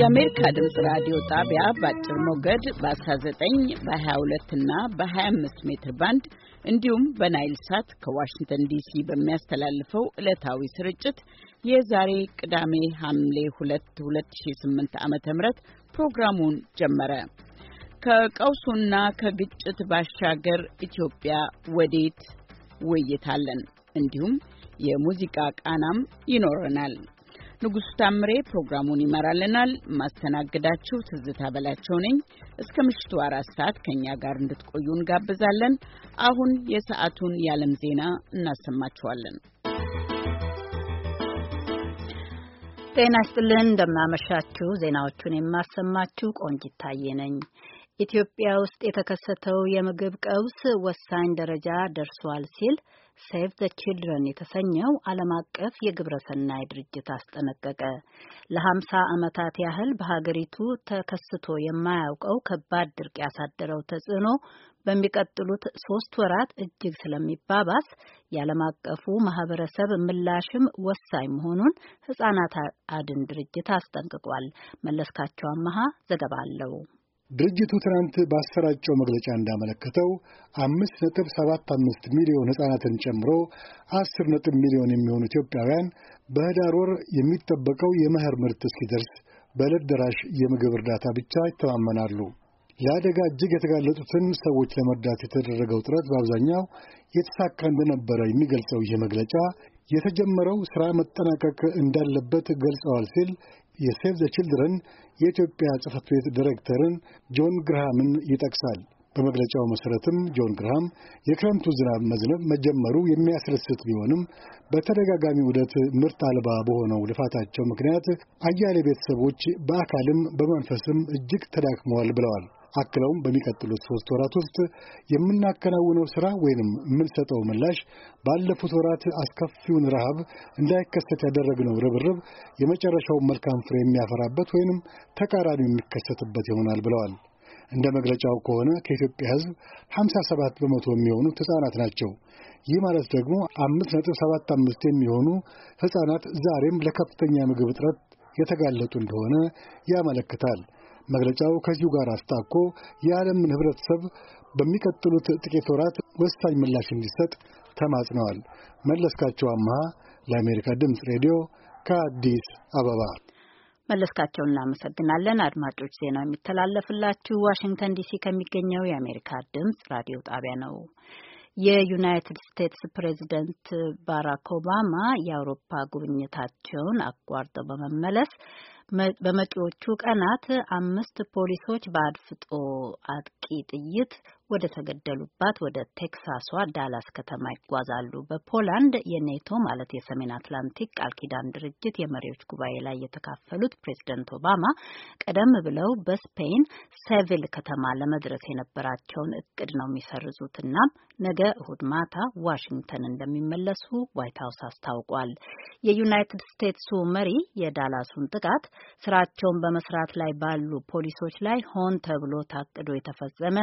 የአሜሪካ ድምፅ ራዲዮ ጣቢያ በአጭር ሞገድ በ19 በ22 እና በ25 ሜትር ባንድ እንዲሁም በናይል ሳት ከዋሽንግተን ዲሲ በሚያስተላልፈው ዕለታዊ ስርጭት የዛሬ ቅዳሜ ሐምሌ 2 2008 ዓ ም ፕሮግራሙን ጀመረ። ከቀውሱና ከግጭት ባሻገር ኢትዮጵያ ወዴት ውይይታለን እንዲሁም የሙዚቃ ቃናም ይኖረናል። ንጉሱ ታምሬ ፕሮግራሙን ይመራልናል። ማስተናግዳችሁ ትዝታ በላቸው ነኝ። እስከ ምሽቱ አራት ሰዓት ከእኛ ጋር እንድትቆዩ እንጋብዛለን። አሁን የሰዓቱን የዓለም ዜና እናሰማችኋለን። ጤና ይስጥልን። እንደምናመሻችሁ። ዜናዎቹን የማሰማችሁ ቆንጂት ታዬ ነኝ። ኢትዮጵያ ውስጥ የተከሰተው የምግብ ቀውስ ወሳኝ ደረጃ ደርሷል ሲል ሴቭ ዘ ቺልድረን የተሰኘው ዓለም አቀፍ ሰናይ ድርጅት አስጠነቀቀ። ለሀምሳ ዓመታት ያህል በሀገሪቱ ተከስቶ የማያውቀው ከባድ ድርቅ ያሳደረው ተጽዕኖ በሚቀጥሉት ሶስት ወራት እጅግ ስለሚባባስ የዓለም አቀፉ ማህበረሰብ ምላሽም ወሳኝ መሆኑን ሕጻናት አድን ድርጅት አስጠንቅቋል። መለስካቸው አመሃ ዘገባ አለው። ድርጅቱ ትናንት ባሰራጨው መግለጫ እንዳመለከተው አምስት ነጥብ ሰባት አምስት ሚሊዮን ሕፃናትን ጨምሮ አስር ነጥብ ሚሊዮን የሚሆኑ ኢትዮጵያውያን በህዳር ወር የሚጠበቀው የመኸር ምርት እስኪደርስ በዕለት ደራሽ የምግብ እርዳታ ብቻ ይተማመናሉ። ለአደጋ እጅግ የተጋለጡትን ሰዎች ለመርዳት የተደረገው ጥረት በአብዛኛው የተሳካ እንደነበረ የሚገልጸው ይህ መግለጫ የተጀመረው ሥራ መጠናቀቅ እንዳለበት ገልጸዋል ሲል የሴቭ ዘ ችልድረን የኢትዮጵያ ጽህፈት ቤት ዲሬክተርን ጆን ግርሃምን ይጠቅሳል። በመግለጫው መሠረትም ጆን ግርሃም የክረምቱ ዝናብ መዝነብ መጀመሩ የሚያስደስት ቢሆንም በተደጋጋሚ ውደት ምርት አልባ በሆነው ልፋታቸው ምክንያት አያሌ ቤተሰቦች በአካልም በመንፈስም እጅግ ተዳክመዋል ብለዋል። አክለውም በሚቀጥሉት ሶስት ወራት ውስጥ የምናከናውነው ስራ ወይንም የምንሰጠው ምላሽ ባለፉት ወራት አስከፊውን ረሃብ እንዳይከሰት ያደረግነው ርብርብ የመጨረሻውን መልካም ፍሬ የሚያፈራበት ወይንም ተቃራኒው የሚከሰትበት ይሆናል ብለዋል። እንደ መግለጫው ከሆነ ከኢትዮጵያ ሕዝብ 57 በመቶ የሚሆኑ ሕፃናት ናቸው። ይህ ማለት ደግሞ 5.75 የሚሆኑ ሕፃናት ዛሬም ለከፍተኛ ምግብ እጥረት የተጋለጡ እንደሆነ ያመለክታል። መግለጫው ከዚሁ ጋር አስታኮ የዓለምን ህብረተሰብ በሚቀጥሉት ጥቂት ወራት ወሳኝ ምላሽ እንዲሰጥ ተማጽነዋል። መለስካቸው አመሃ ለአሜሪካ ድምፅ ሬዲዮ ከአዲስ አበባ። መለስካቸው እናመሰግናለን። አድማጮች ዜናው የሚተላለፍላችሁ ዋሽንግተን ዲሲ ከሚገኘው የአሜሪካ ድምፅ ራዲዮ ጣቢያ ነው። የዩናይትድ ስቴትስ ፕሬዚደንት ባራክ ኦባማ የአውሮፓ ጉብኝታቸውን አቋርጠው በመመለስ በመጪዎቹ ቀናት አምስት ፖሊሶች በአድፍጦ አጥቂ ጥይት ወደ ተገደሉባት ወደ ቴክሳሷ ዳላስ ከተማ ይጓዛሉ። በፖላንድ የኔቶ ማለት የሰሜን አትላንቲክ ቃል ኪዳን ድርጅት የመሪዎች ጉባኤ ላይ የተካፈሉት ፕሬዝደንት ኦባማ ቀደም ብለው በስፔን ሴቪል ከተማ ለመድረስ የነበራቸውን እቅድ ነው የሚሰርዙት። እናም ነገ እሁድ ማታ ዋሽንግተን እንደሚመለሱ ዋይት ሀውስ አስታውቋል። የዩናይትድ ስቴትሱ መሪ የዳላሱን ጥቃት ስራቸውን በመስራት ላይ ባሉ ፖሊሶች ላይ ሆን ተብሎ ታቅዶ የተፈጸመ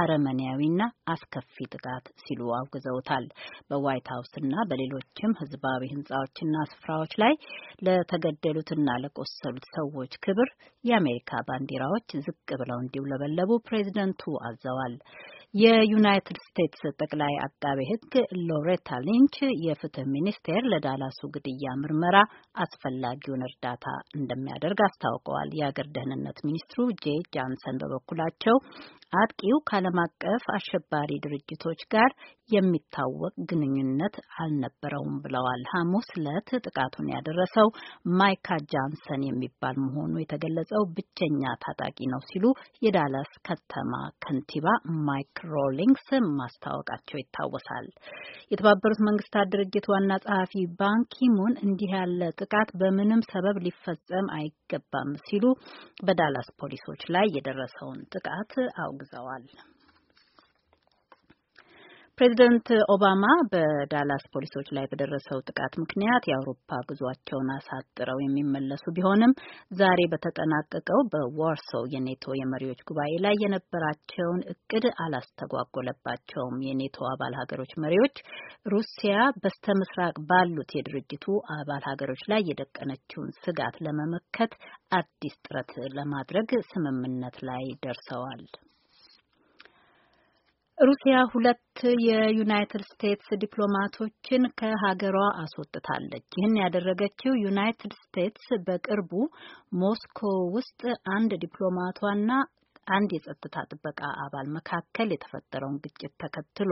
አረመኔያዊና አስከፊ ጥቃት ሲሉ አውግዘውታል። በዋይት ሀውስና በሌሎችም ህዝባዊ ህንጻዎችና ስፍራዎች ላይ ለተገደሉትና ለቆሰሉት ሰዎች ክብር የአሜሪካ ባንዲራዎች ዝቅ ብለው እንዲውለበለቡ ፕሬዚደንቱ አዘዋል። የዩናይትድ ስቴትስ ጠቅላይ አቃቤ ሕግ ሎሬታ ሊንች የፍትህ ሚኒስቴር ለዳላሱ ግድያ ምርመራ አስፈላጊውን እርዳታ እንደሚያደርግ አስታውቀዋል። የአገር ደህንነት ሚኒስትሩ ጄ ጃንሰን በበኩላቸው አጥቂው ከዓለም አቀፍ አሸባሪ ድርጅቶች ጋር የሚታወቅ ግንኙነት አልነበረውም ብለዋል። ሐሙስ ዕለት ጥቃቱን ያደረሰው ማይካ ጃንሰን የሚባል መሆኑ የተገለጸው ብቸኛ ታጣቂ ነው ሲሉ የዳላስ ከተማ ከንቲባ ማይክ ሮሊንግስ ማስታወቃቸው ይታወሳል። የተባበሩት መንግስታት ድርጅት ዋና ጸሐፊ ባንኪሙን እንዲህ ያለ ጥቃት በምንም ሰበብ ሊፈጸም አይገባም ሲሉ በዳላስ ፖሊሶች ላይ የደረሰውን ጥቃት አው አውግዘዋል። ፕሬዚደንት ኦባማ በዳላስ ፖሊሶች ላይ በደረሰው ጥቃት ምክንያት የአውሮፓ ጉዟቸውን አሳጥረው የሚመለሱ ቢሆንም ዛሬ በተጠናቀቀው በዋርሶው የኔቶ የመሪዎች ጉባኤ ላይ የነበራቸውን እቅድ አላስተጓጎለባቸውም። የኔቶ አባል ሀገሮች መሪዎች ሩሲያ በስተ ምስራቅ ባሉት የድርጅቱ አባል ሀገሮች ላይ የደቀነችውን ስጋት ለመመከት አዲስ ጥረት ለማድረግ ስምምነት ላይ ደርሰዋል። ሩሲያ ሁለት የዩናይትድ ስቴትስ ዲፕሎማቶችን ከሀገሯ አስወጥታለች። ይህን ያደረገችው ዩናይትድ ስቴትስ በቅርቡ ሞስኮ ውስጥ አንድ ዲፕሎማቷና አንድ የጸጥታ ጥበቃ አባል መካከል የተፈጠረውን ግጭት ተከትሎ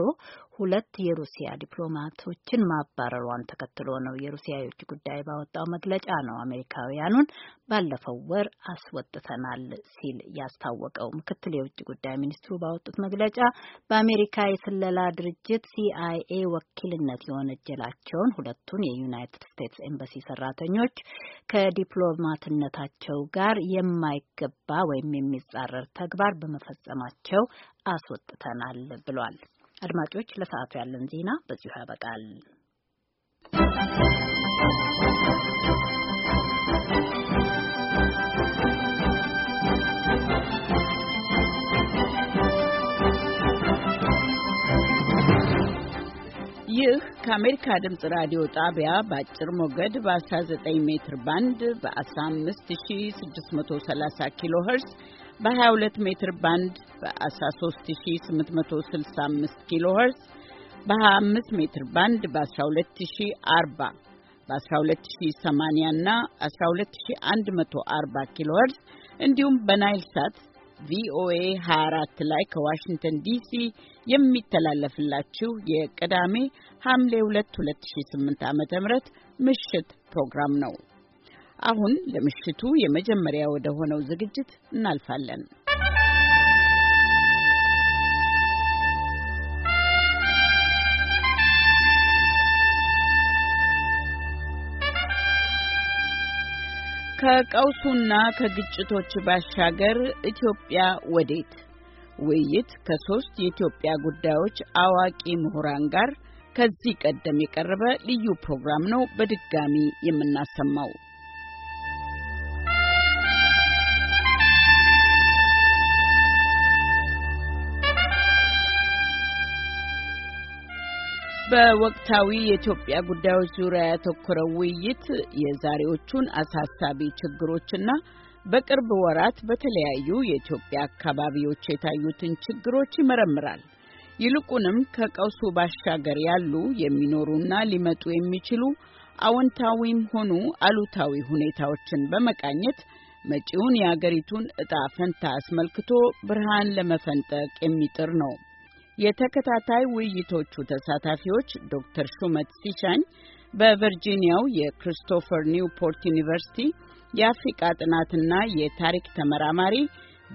ሁለት የሩሲያ ዲፕሎማቶችን ማባረሯን ተከትሎ ነው። የሩሲያ የውጭ ጉዳይ ባወጣው መግለጫ ነው አሜሪካውያኑን ባለፈው ወር አስወጥተናል ሲል ያስታወቀው። ምክትል የውጭ ጉዳይ ሚኒስትሩ ባወጡት መግለጫ በአሜሪካ የስለላ ድርጅት ሲአይኤ ወኪልነት የወነጀላቸውን ሁለቱን የዩናይትድ ስቴትስ ኤምባሲ ሰራተኞች ከዲፕሎማትነታቸው ጋር የማይገባ ወይም የሚጻረር ተግባር በመፈጸማቸው አስወጥተናል ብሏል። አድማጮች፣ ለሰዓቱ ያለን ዜና በዚሁ ያበቃል። ይህ ከአሜሪካ ድምፅ ራዲዮ ጣቢያ በአጭር ሞገድ በ19 ሜትር ባንድ በ15630 ኪሎ ኸርስ በ22 ሜትር ባንድ በ13865 ኪሎ ሄርዝ በ25 ሜትር ባንድ በ12040 በ12080 እና 12140 ኪሎ ሄርዝ እንዲሁም በናይል ሳት ቪኦኤ 24 ላይ ከዋሽንግተን ዲሲ የሚተላለፍላችሁ የቅዳሜ ሐምሌ 2 2008 ዓ.ም ምሽት ፕሮግራም ነው። አሁን ለምሽቱ የመጀመሪያ ወደ ሆነው ዝግጅት እናልፋለን። ከቀውሱና ከግጭቶች ባሻገር ኢትዮጵያ ወዴት? ውይይት ከሶስት የኢትዮጵያ ጉዳዮች አዋቂ ምሁራን ጋር ከዚህ ቀደም የቀረበ ልዩ ፕሮግራም ነው። በድጋሚ የምናሰማው በወቅታዊ የኢትዮጵያ ጉዳዮች ዙሪያ ያተኮረው ውይይት የዛሬዎቹን አሳሳቢ ችግሮችና በቅርብ ወራት በተለያዩ የኢትዮጵያ አካባቢዎች የታዩትን ችግሮች ይመረምራል። ይልቁንም ከቀውሱ ባሻገር ያሉ የሚኖሩና ሊመጡ የሚችሉ አዎንታዊም ሆኑ አሉታዊ ሁኔታዎችን በመቃኘት መጪውን የአገሪቱን እጣ ፈንታ አስመልክቶ ብርሃን ለመፈንጠቅ የሚጥር ነው። የተከታታይ ውይይቶቹ ተሳታፊዎች ዶክተር ሹመት ሲሻኝ በቨርጂኒያው የክሪስቶፈር ኒውፖርት ዩኒቨርሲቲ የአፍሪቃ ጥናትና የታሪክ ተመራማሪ፣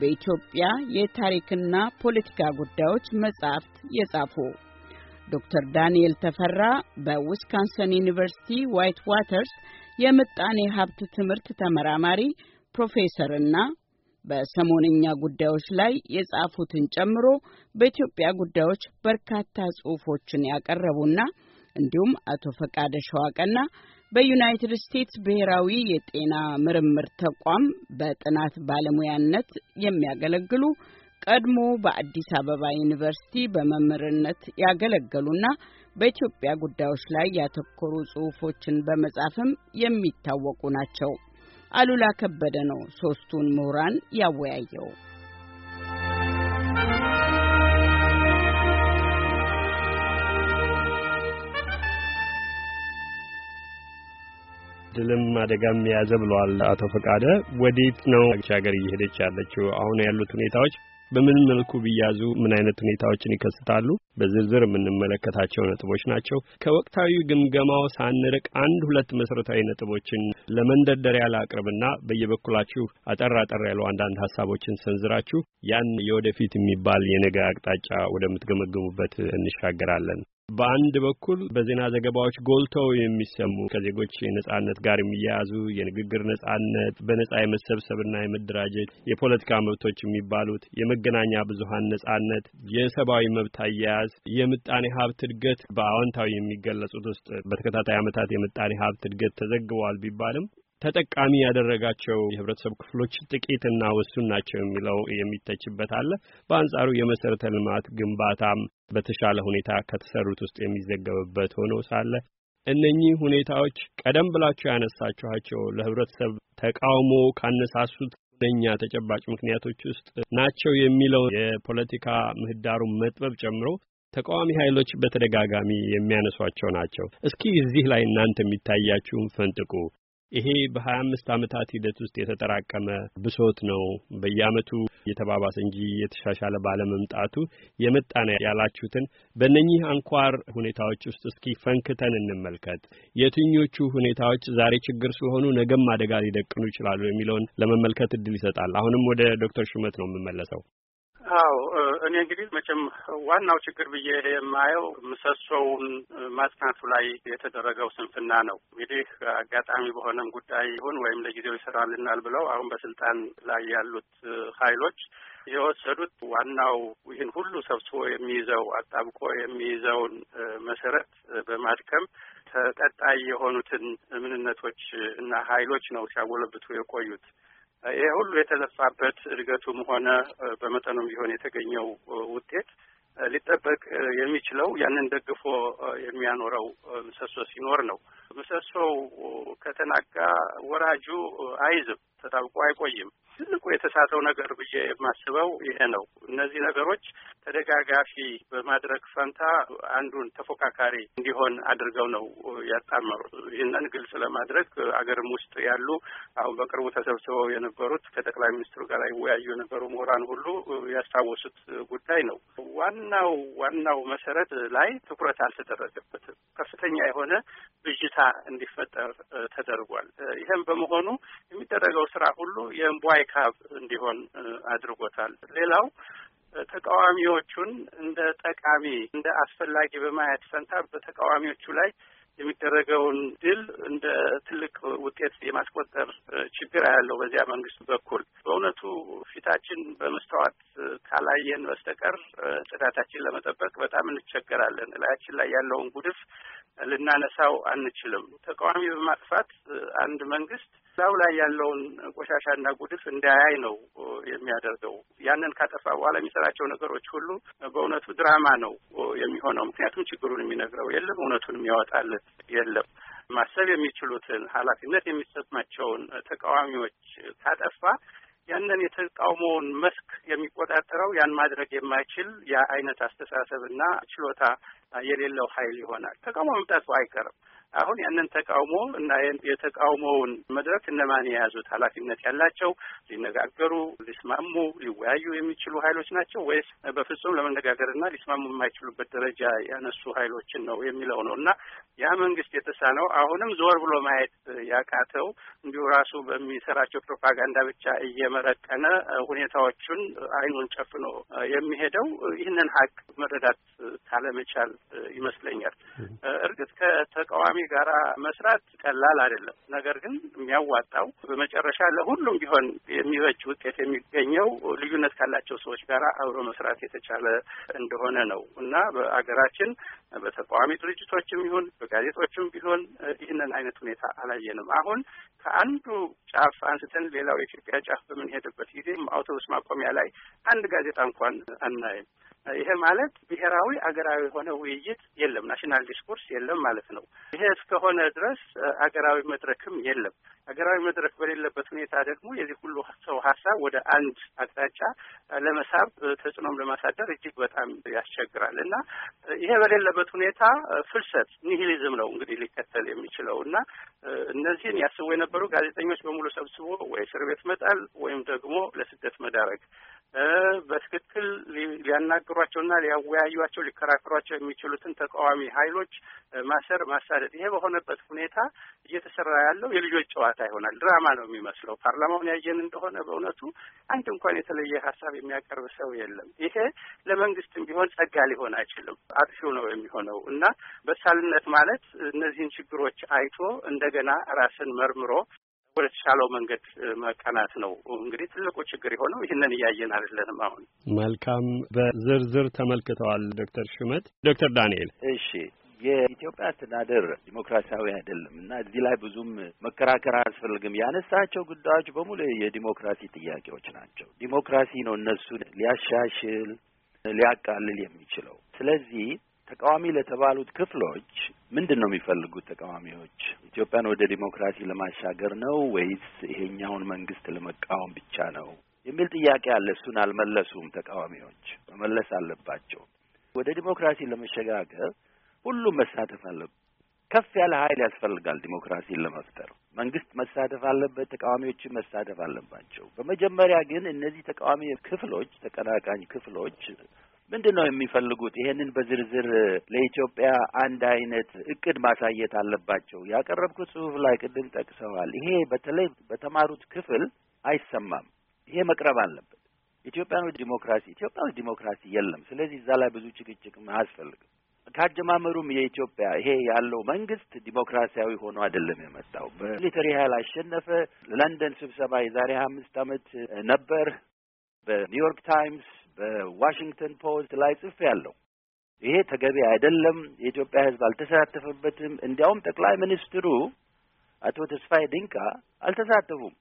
በኢትዮጵያ የታሪክና ፖለቲካ ጉዳዮች መጻሕፍት የጻፉ ዶክተር ዳንኤል ተፈራ በዊስካንሰን ዩኒቨርሲቲ ዋይት ዋተርስ የምጣኔ ሀብት ትምህርት ተመራማሪ ፕሮፌሰርና በሰሞነኛ ጉዳዮች ላይ የጻፉትን ጨምሮ በኢትዮጵያ ጉዳዮች በርካታ ጽሁፎችን ያቀረቡና እንዲሁም አቶ ፈቃደ ሸዋቀና በዩናይትድ ስቴትስ ብሔራዊ የጤና ምርምር ተቋም በጥናት ባለሙያነት የሚያገለግሉ ቀድሞ በአዲስ አበባ ዩኒቨርሲቲ በመምህርነት ያገለገሉና በኢትዮጵያ ጉዳዮች ላይ ያተኮሩ ጽሁፎችን በመጻፍም የሚታወቁ ናቸው። አሉላ ከበደ ነው ሶስቱን ምሁራን ያወያየው። ድልም አደጋም የያዘ ብለዋል አቶ ፈቃደ። ወዴት ነው ሀገር እየሄደች ያለችው? አሁን ያሉት ሁኔታዎች በምን መልኩ ቢያዙ ምን አይነት ሁኔታዎችን ይከስታሉ? በዝርዝር የምንመለከታቸው ነጥቦች ናቸው። ከወቅታዊ ግምገማው ሳንርቅ አንድ ሁለት መሰረታዊ ነጥቦችን ለመንደርደሪያ ላቅርብና በየበኩላችሁ አጠር አጠር ያሉ አንዳንድ ሀሳቦችን ሰንዝራችሁ ያን የወደፊት የሚባል የነገ አቅጣጫ ወደምትገመግሙበት እንሻገራለን። በአንድ በኩል በዜና ዘገባዎች ጎልተው የሚሰሙ ከዜጎች ነጻነት ጋር የሚያያዙ የንግግር ነጻነት፣ በነጻ የመሰብሰብና የመደራጀት፣ የፖለቲካ መብቶች የሚባሉት የመገናኛ ብዙሀን ነጻነት፣ የሰብአዊ መብት አያያዝ፣ የምጣኔ ሀብት እድገት በአዎንታዊ የሚገለጹት ውስጥ በተከታታይ ዓመታት የምጣኔ ሀብት እድገት ተዘግቧል ቢባልም ተጠቃሚ ያደረጋቸው የህብረተሰብ ክፍሎች ጥቂትና ውሱን ናቸው የሚለው የሚተችበት አለ። በአንጻሩ የመሰረተ ልማት ግንባታም በተሻለ ሁኔታ ከተሰሩት ውስጥ የሚዘገብበት ሆኖ ሳለ እነኚህ ሁኔታዎች ቀደም ብላችሁ ያነሳችኋቸው ለህብረተሰብ ተቃውሞ ካነሳሱት ሁነኛ ተጨባጭ ምክንያቶች ውስጥ ናቸው የሚለው የፖለቲካ ምህዳሩን መጥበብ ጨምሮ ተቃዋሚ ኃይሎች በተደጋጋሚ የሚያነሷቸው ናቸው። እስኪ እዚህ ላይ እናንተ የሚታያችሁን ፈንጥቁ። ይሄ በሀያ አምስት ዓመታት ሂደት ውስጥ የተጠራቀመ ብሶት ነው። በየአመቱ እየተባባሰ እንጂ የተሻሻለ ባለመምጣቱ የመጣ ነው ያላችሁትን በእነኚህ አንኳር ሁኔታዎች ውስጥ እስኪ ፈንክተን እንመልከት። የትኞቹ ሁኔታዎች ዛሬ ችግር ሲሆኑ ነገም አደጋ ሊደቅኑ ይችላሉ የሚለውን ለመመልከት እድል ይሰጣል። አሁንም ወደ ዶክተር ሹመት ነው የምመለሰው። አዎ እኔ እንግዲህ መቼም ዋናው ችግር ብዬ የማየው ምሰሶውን ማጽናቱ ላይ የተደረገው ስንፍና ነው። እንግዲህ አጋጣሚ በሆነም ጉዳይ ይሁን ወይም ለጊዜው ይሰራልናል ብለው አሁን በስልጣን ላይ ያሉት ኃይሎች የወሰዱት ዋናው ይህን ሁሉ ሰብስቦ የሚይዘው አጣብቆ የሚይዘውን መሰረት በማድከም ተቀጣይ የሆኑትን ምንነቶች እና ኃይሎች ነው ሲያጎለብቱ የቆዩት። ይሄ ሁሉ የተለፋበት እድገቱም ሆነ በመጠኑም ቢሆን የተገኘው ውጤት ሊጠበቅ የሚችለው ያንን ደግፎ የሚያኖረው ምሰሶ ሲኖር ነው። ምሰሶው ከተናጋ ወራጁ አይዝም፣ ተጣብቆ አይቆይም። ትልቁ የተሳተው ነገር ብዬ የማስበው ይሄ ነው። እነዚህ ነገሮች ተደጋጋፊ በማድረግ ፈንታ አንዱን ተፎካካሪ እንዲሆን አድርገው ነው ያጣመሩ። ይህንን ግልጽ ለማድረግ አገርም ውስጥ ያሉ አሁን በቅርቡ ተሰብስበው የነበሩት ከጠቅላይ ሚኒስትሩ ጋር ይወያዩ የነበሩ ምሁራን ሁሉ ያስታወሱት ጉዳይ ነው። ዋናው ዋናው መሰረት ላይ ትኩረት አልተደረገበትም። ከፍተኛ የሆነ ብዥታ እንዲፈጠር ተደርጓል። ይህም በመሆኑ የሚደረገው ስራ ሁሉ የእምቧይ ካብ እንዲሆን አድርጎታል። ሌላው ተቃዋሚዎቹን እንደ ጠቃሚ እንደ አስፈላጊ በማየት ፈንታ በተቃዋሚዎቹ ላይ የሚደረገውን ድል እንደ ትልቅ ውጤት የማስቆጠር ችግር ያለው በዚያ መንግስት በኩል በእውነቱ ፊታችን በመስተዋት ካላየን በስተቀር ጽዳታችን ለመጠበቅ በጣም እንቸገራለን። እላያችን ላይ ያለውን ጉድፍ ልናነሳው አንችልም። ተቃዋሚ በማጥፋት አንድ መንግስት ሰው ላይ ያለውን ቆሻሻና ጉድፍ እንዳያይ ነው የሚያደርገው። ያንን ካጠፋ በኋላ የሚሰራቸው ነገሮች ሁሉ በእውነቱ ድራማ ነው የሚሆነው። ምክንያቱም ችግሩን የሚነግረው የለም፣ እውነቱን የሚያወጣል የለም። ማሰብ የሚችሉትን ኃላፊነት የሚሰማቸውን ተቃዋሚዎች ካጠፋ ያንን የተቃውሞውን መስክ የሚቆጣጠረው ያን ማድረግ የማይችል የአይነት አይነት አስተሳሰብና ችሎታ የሌለው ኃይል ይሆናል። ተቃውሞ መምጣቱ አይቀርም። አሁን ያንን ተቃውሞ እና የተቃውሞውን መድረክ እነማን የያዙት ኃላፊነት ያላቸው ሊነጋገሩ፣ ሊስማሙ፣ ሊወያዩ የሚችሉ ኃይሎች ናቸው ወይስ በፍጹም ለመነጋገር ና ሊስማሙ የማይችሉበት ደረጃ ያነሱ ኃይሎችን ነው የሚለው ነው እና ያ መንግስት የተሳነው አሁንም ዞር ብሎ ማየት ያቃተው እንዲሁ ራሱ በሚሰራቸው ፕሮፓጋንዳ ብቻ እየመረቀነ ሁኔታዎቹን አይኑን ጨፍኖ የሚሄደው ይህንን ሀቅ መረዳት ካለመቻል ይመስለኛል። እርግጥ ከተቃዋሚ ጋራ መስራት ቀላል አይደለም። ነገር ግን የሚያዋጣው በመጨረሻ ለሁሉም ቢሆን የሚበጅ ውጤት የሚገኘው ልዩነት ካላቸው ሰዎች ጋር አብሮ መስራት የተቻለ እንደሆነ ነው እና በአገራችን በተቃዋሚ ድርጅቶችም ይሁን በጋዜጦችም ቢሆን ይህንን አይነት ሁኔታ አላየንም። አሁን ከአንዱ ጫፍ አንስተን ሌላው የኢትዮጵያ ጫፍ በምንሄድበት ጊዜ አውቶቡስ ማቆሚያ ላይ አንድ ጋዜጣ እንኳን አናይም። ይሄ ማለት ብሔራዊ አገራዊ የሆነ ውይይት የለም፣ ናሽናል ዲስኮርስ የለም ማለት ነው። ይሄ እስከሆነ ድረስ አገራዊ መድረክም የለም። አገራዊ መድረክ በሌለበት ሁኔታ ደግሞ የዚህ ሁሉ ሰው ሀሳብ ወደ አንድ አቅጣጫ ለመሳብ ተጽዕኖም ለማሳደር እጅግ በጣም ያስቸግራል እና ይሄ በሌለበት ሁኔታ ፍልሰት ኒሂሊዝም ነው እንግዲህ ሊከተል የሚችለው እና እነዚህን ያስቡ የነበሩ ጋዜጠኞች በሙሉ ሰብስቦ ወይ እስር ቤት መጣል ወይም ደግሞ ለስደት መዳረግ በትክክል ሊያናግሯቸውና ሊያወያዩቸው ሊከራከሯቸው የሚችሉትን ተቃዋሚ ኃይሎች ማሰር፣ ማሳደድ ይሄ በሆነበት ሁኔታ እየተሰራ ያለው የልጆች ጨዋታ ይሆናል። ድራማ ነው የሚመስለው። ፓርላማውን ያየን እንደሆነ በእውነቱ አንድ እንኳን የተለየ ሀሳብ የሚያቀርብ ሰው የለም። ይሄ ለመንግስትም ቢሆን ጸጋ ሊሆን አይችልም። አጥፊው ነው የሚሆነው እና በሳልነት ማለት እነዚህን ችግሮች አይቶ እንደገና ራስን መርምሮ ወደ ተሻለው መንገድ መቀናት ነው እንግዲህ ትልቁ ችግር የሆነው። ይህንን እያየን አይደለንም። አሁን መልካም በዝርዝር ተመልክተዋል ዶክተር ሹመት ዶክተር ዳንኤል እሺ የኢትዮጵያ አስተዳደር ዲሞክራሲያዊ አይደለም እና እዚህ ላይ ብዙም መከራከር አያስፈልግም። ያነሳቸው ጉዳዮች በሙሉ የዲሞክራሲ ጥያቄዎች ናቸው። ዲሞክራሲ ነው እነሱን ሊያሻሽል ሊያቃልል የሚችለው። ስለዚህ ተቃዋሚ ለተባሉት ክፍሎች ምንድን ነው የሚፈልጉት? ተቃዋሚዎች ኢትዮጵያን ወደ ዲሞክራሲ ለማሻገር ነው ወይስ ይሄኛውን መንግስት ለመቃወም ብቻ ነው የሚል ጥያቄ አለ። እሱን አልመለሱም። ተቃዋሚዎች መመለስ አለባቸው። ወደ ዲሞክራሲ ለመሸጋገር ሁሉም መሳተፍ አለበት። ከፍ ያለ ኃይል ያስፈልጋል ዲሞክራሲን ለመፍጠር። መንግስት መሳተፍ አለበት፣ ተቃዋሚዎችን መሳተፍ አለባቸው። በመጀመሪያ ግን እነዚህ ተቃዋሚ ክፍሎች ተቀናቃኝ ክፍሎች ምንድን ነው የሚፈልጉት? ይሄንን በዝርዝር ለኢትዮጵያ አንድ አይነት እቅድ ማሳየት አለባቸው። ያቀረብኩት ጽሁፍ ላይ ቅድም ጠቅሰዋል። ይሄ በተለይ በተማሩት ክፍል አይሰማም። ይሄ መቅረብ አለበት። ኢትዮጵያኖች ዲሞክራሲ ኢትዮጵያ ውስጥ ዲሞክራሲ የለም። ስለዚህ እዛ ላይ ብዙ ጭቅጭቅም አያስፈልግም። ካጀማመሩም የኢትዮጵያ ይሄ ያለው መንግስት ዲሞክራሲያዊ ሆኖ አይደለም የመጣው። በሚሊተሪ ኃይል አሸነፈ። ለንደን ስብሰባ የዛሬ አምስት ዓመት ነበር። በኒውዮርክ ታይምስ በዋሽንግተን ፖስት ላይ ጽፌ ያለው ይሄ ተገቢ አይደለም፣ የኢትዮጵያ ሕዝብ አልተሳተፈበትም። እንዲያውም ጠቅላይ ሚኒስትሩ አቶ ተስፋዬ ድንቃ አልተሳተፉም።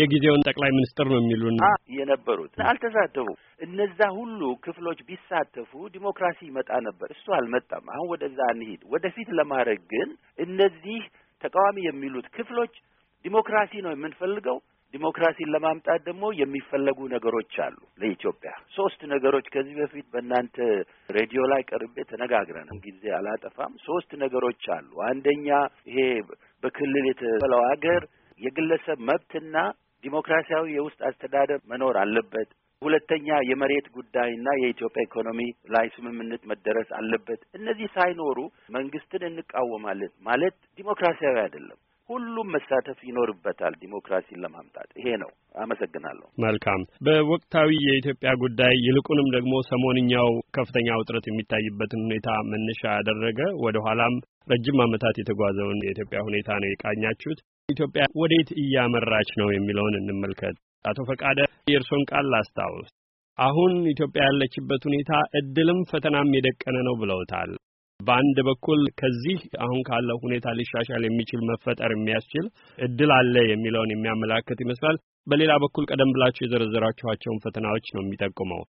የጊዜውን ጠቅላይ ሚኒስትር ነው የሚሉን የነበሩት አልተሳተፉም። እነዛ ሁሉ ክፍሎች ቢሳተፉ ዲሞክራሲ ይመጣ ነበር። እሱ አልመጣም። አሁን ወደዛ እንሂድ። ወደፊት ለማድረግ ግን እነዚህ ተቃዋሚ የሚሉት ክፍሎች ዲሞክራሲ ነው የምንፈልገው ዲሞክራሲን ለማምጣት ደግሞ የሚፈለጉ ነገሮች አሉ። ለኢትዮጵያ ሶስት ነገሮች ከዚህ በፊት በእናንተ ሬዲዮ ላይ ቀርቤ ተነጋግረንም ጊዜ አላጠፋም። ሶስት ነገሮች አሉ። አንደኛ ይሄ በክልል የተበለው ሀገር የግለሰብ መብትና ዲሞክራሲያዊ የውስጥ አስተዳደር መኖር አለበት። ሁለተኛ የመሬት ጉዳይና የኢትዮጵያ ኢኮኖሚ ላይ ስምምነት መደረስ አለበት። እነዚህ ሳይኖሩ መንግስትን እንቃወማለን ማለት ዲሞክራሲያዊ አይደለም። ሁሉም መሳተፍ ይኖርበታል ዲሞክራሲን ለማምጣት። ይሄ ነው። አመሰግናለሁ። መልካም። በወቅታዊ የኢትዮጵያ ጉዳይ ይልቁንም ደግሞ ሰሞንኛው ከፍተኛ ውጥረት የሚታይበትን ሁኔታ መነሻ ያደረገ ወደ ኋላም ረጅም ዓመታት የተጓዘውን የኢትዮጵያ ሁኔታ ነው የቃኛችሁት። ኢትዮጵያ ወዴት እያመራች ነው የሚለውን እንመልከት። አቶ ፈቃደ የእርሶን ቃል ላስታውስ። አሁን ኢትዮጵያ ያለችበት ሁኔታ እድልም ፈተናም የደቀነ ነው ብለውታል። በአንድ በኩል ከዚህ አሁን ካለው ሁኔታ ሊሻሻል የሚችል መፈጠር የሚያስችል እድል አለ የሚለውን የሚያመላክት ይመስላል። በሌላ በኩል ቀደም ብላችሁ የዘረዘራችኋቸውን ፈተናዎች ነው የሚጠቁመው።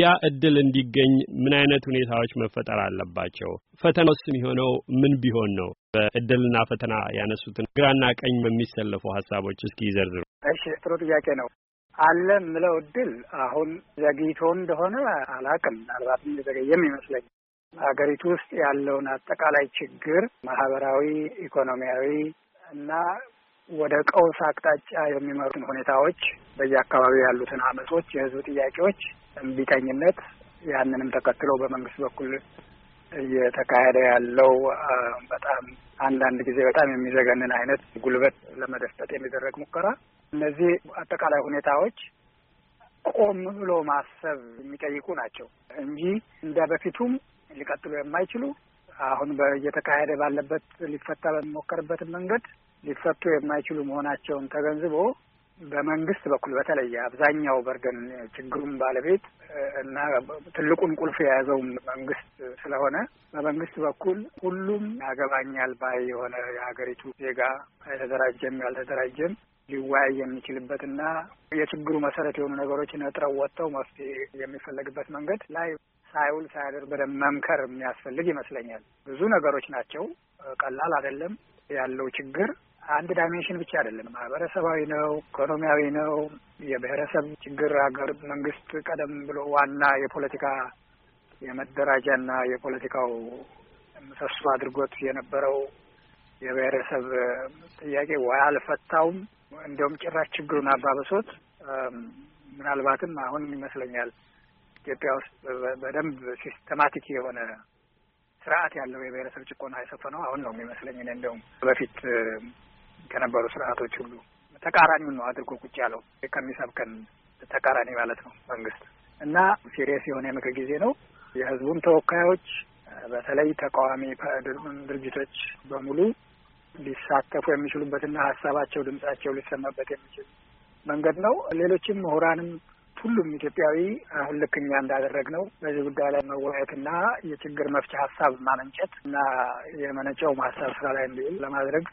ያ እድል እንዲገኝ ምን አይነት ሁኔታዎች መፈጠር አለባቸው? ፈተናውስ የሚሆነው ምን ቢሆን ነው? በእድልና ፈተና ያነሱትን ግራና ቀኝ በሚሰለፉ ሀሳቦች እስኪ ይዘርዝሩ። እሺ፣ ጥሩ ጥያቄ ነው። አለ ምለው እድል አሁን ዘግይቶ እንደሆነ አላቅም። ምናልባትም የዘገየም ይመስለኝ። ሀገሪቱ ውስጥ ያለውን አጠቃላይ ችግር ማህበራዊ፣ ኢኮኖሚያዊ እና ወደ ቀውስ አቅጣጫ የሚመሩትን ሁኔታዎች፣ በየአካባቢው ያሉትን አመጾች፣ የህዝብ ጥያቄዎች፣ እምቢተኝነት ያንንም ተከትሎ በመንግስት በኩል እየተካሄደ ያለው በጣም አንዳንድ ጊዜ በጣም የሚዘገንን አይነት ጉልበት ለመደፍጠጥ የሚደረግ ሙከራ፣ እነዚህ አጠቃላይ ሁኔታዎች ቆም ብሎ ማሰብ የሚጠይቁ ናቸው እንጂ እንደ በፊቱም ሊቀጥሉ የማይችሉ አሁን እየተካሄደ ባለበት ሊፈታ በሚሞከርበት መንገድ ሊፈቱ የማይችሉ መሆናቸውን ተገንዝቦ በመንግስት በኩል በተለይ አብዛኛው በርደን ችግሩን ባለቤት እና ትልቁን ቁልፍ የያዘው መንግስት ስለሆነ በመንግስት በኩል ሁሉም ያገባኛል ባይ የሆነ የሀገሪቱ ዜጋ የተደራጀም ያልተደራጀም ሊወያይ የሚችልበትና የችግሩ መሰረት የሆኑ ነገሮች ነጥረው ወጥተው መፍትሄ የሚፈለግበት መንገድ ላይ ሳይውል ሳያድር በደንብ መምከር የሚያስፈልግ ይመስለኛል። ብዙ ነገሮች ናቸው። ቀላል አይደለም ያለው ችግር አንድ ዳይሜንሽን ብቻ አይደለም። ማህበረሰባዊ ነው፣ ኢኮኖሚያዊ ነው። የብሔረሰብ ችግር ሀገር መንግስት ቀደም ብሎ ዋና የፖለቲካ የመደራጃና የፖለቲካው ምሰሶ አድርጎት የነበረው የብሔረሰብ ጥያቄ ወይ አልፈታውም፣ እንዲያውም ጭራሽ ችግሩን አባበሶት። ምናልባትም አሁን ይመስለኛል ኢትዮጵያ ውስጥ በደንብ ሲስተማቲክ የሆነ ስርዓት ያለው የብሔረሰብ ጭቆና የሰፈነው አሁን ነው የሚመስለኝ። እኔ እንደውም በፊት ከነበሩ ስርዓቶች ሁሉ ተቃራኒውን ነው አድርጎ ቁጭ ያለው ከሚሰብከን ተቃራኒ ማለት ነው መንግስት እና ሲሪየስ የሆነ የምክር ጊዜ ነው። የህዝቡም ተወካዮች በተለይ ተቃዋሚ ድርጅቶች በሙሉ ሊሳተፉ የሚችሉበትና ሀሳባቸው ድምጻቸው ሊሰማበት የሚችል መንገድ ነው። ሌሎችም ምሁራንም ሁሉም ኢትዮጵያዊ አሁን ልክ እኛ ነው በዚህ ጉዳይ ላይ መወያየትና የችግር መፍቻ ሀሳብ ማመንጨት እና የመነጨው ሀሳብ ስራ ላይ እንዲውል ለማድረግ